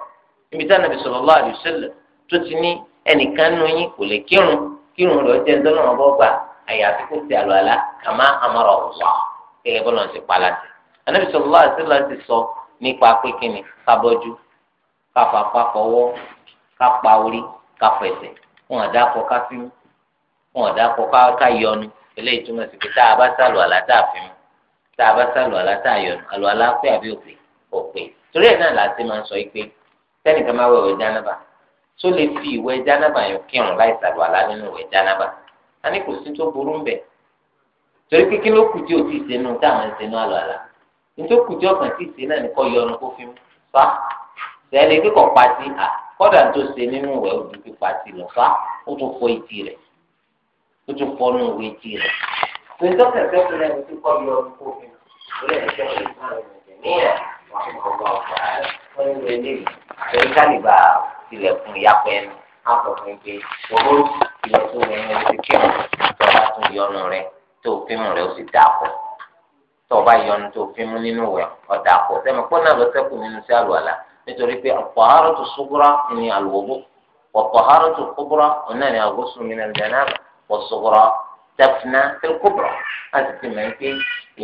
níbi tí sallallahu alaihi tó ti ní ẹnìkan yín kò lè kírun kírun rẹ̀ jẹ́ ńdọ́nà àyàfi àlọ́ àlá kàmá bọ́lá anabi sọlá àtìlá ti sọ nípa pékinni kábọjú káfàfà fọwọ́ kápá orí káfẹsẹ̀ wọn àdàkọ kásímù wọn àdàkọ káyọnu eléyìí túmọ̀ sí pé tá a bá sálù àlátà fún mi tá a bá sálù àlátà yọnu àlù aláfẹ́ àbí òpè òpè torí ẹ̀ náà láti máa ń sọ pé sẹ́nìkan máa wẹ̀wẹ̀ jánábà tó lè fi ìwẹ̀ jánábà yẹn kírun láì sálù àlá nínú ìwẹ̀ jánábà a ní kò sí tó burú ń bẹ̀ torí pé kí ló kù tí o ti ṣe nù táwọn ń ṣe nù àlọ́ àlá nítòkù tí ọkàn ti sè náà nìkan yọnu kó fi fa sẹ́ni kíkọ̀ pati à kọ́dà tó ṣe nínú rẹ̀ ojú pípa ti lọ fa ó tún fọ etí rẹ̀ ó tún fọ nù wọ etí rẹ̀ nítòkù tí ọkàn náà ti kọ́ yọnu kó fi lórí ẹ̀ṣẹ́ rẹ̀ náà rẹ̀ níyà wà lọ́wọ́ ọ̀gá rẹ̀ wọ́n ń lè lè fẹ́ kálíbà tilẹ̀kùn ìyapẹ́ ẹnu àkọ́kùn pé owó ìlọsọ̀rọ̀ ẹni ti kírun tọ́lá tún yọnu rẹ̀ tó fíìmù rẹ̀ ó sì dáa pọ̀ tó o bá yọnu tó fi mú nínú wẹ̀ ọ̀dà pọ̀ sẹ́mi pọ́n náà lọ sẹ́kù nínú sí àlùwàlà nítorí pé at-taharatu sughra ni al-wudu wat-taharatu kubra ọ̀nà ni al-ghuslu min al-janaba was-sughra tafna fil-kubra láti ti mọ̀ pé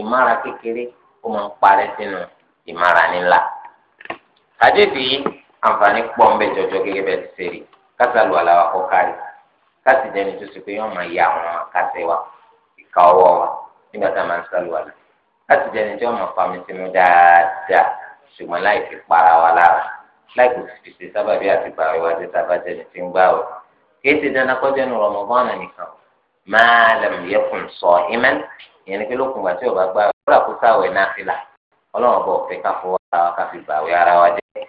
ìmára kékeré ó máa ń parẹ́ sínú ìmára nílá. àdébì àǹfààní pọ̀ ń gẹ́gẹ́ bẹ́ẹ̀ ti ṣe rí kásálùwàlà wa kọ́ kárí kásìdẹ́ni tó ti pé yọ́n láti jẹ́ ẹni tí wọ́n máa fa mi sínú dáadáa ṣùgbọ́n láì fi para wa lára láì kò sì fi ṣe sábàbí àti gbà wíwá tí sábà jẹ́ ẹni tí ń gbà wọ̀ kì í ṣe dandan kọjá nu Ramadan nìkan máa lẹ̀ mú yẹkùn sọ ìmẹ́ ìyẹn ni pé lókun gbà tí ò bá gbà wọ́n rà kó sáwẹ̀ náà fi là ọlọ́run bọ̀ fẹ́ ká fọwọ́ ara wa ká fi gbà ara wa jẹ́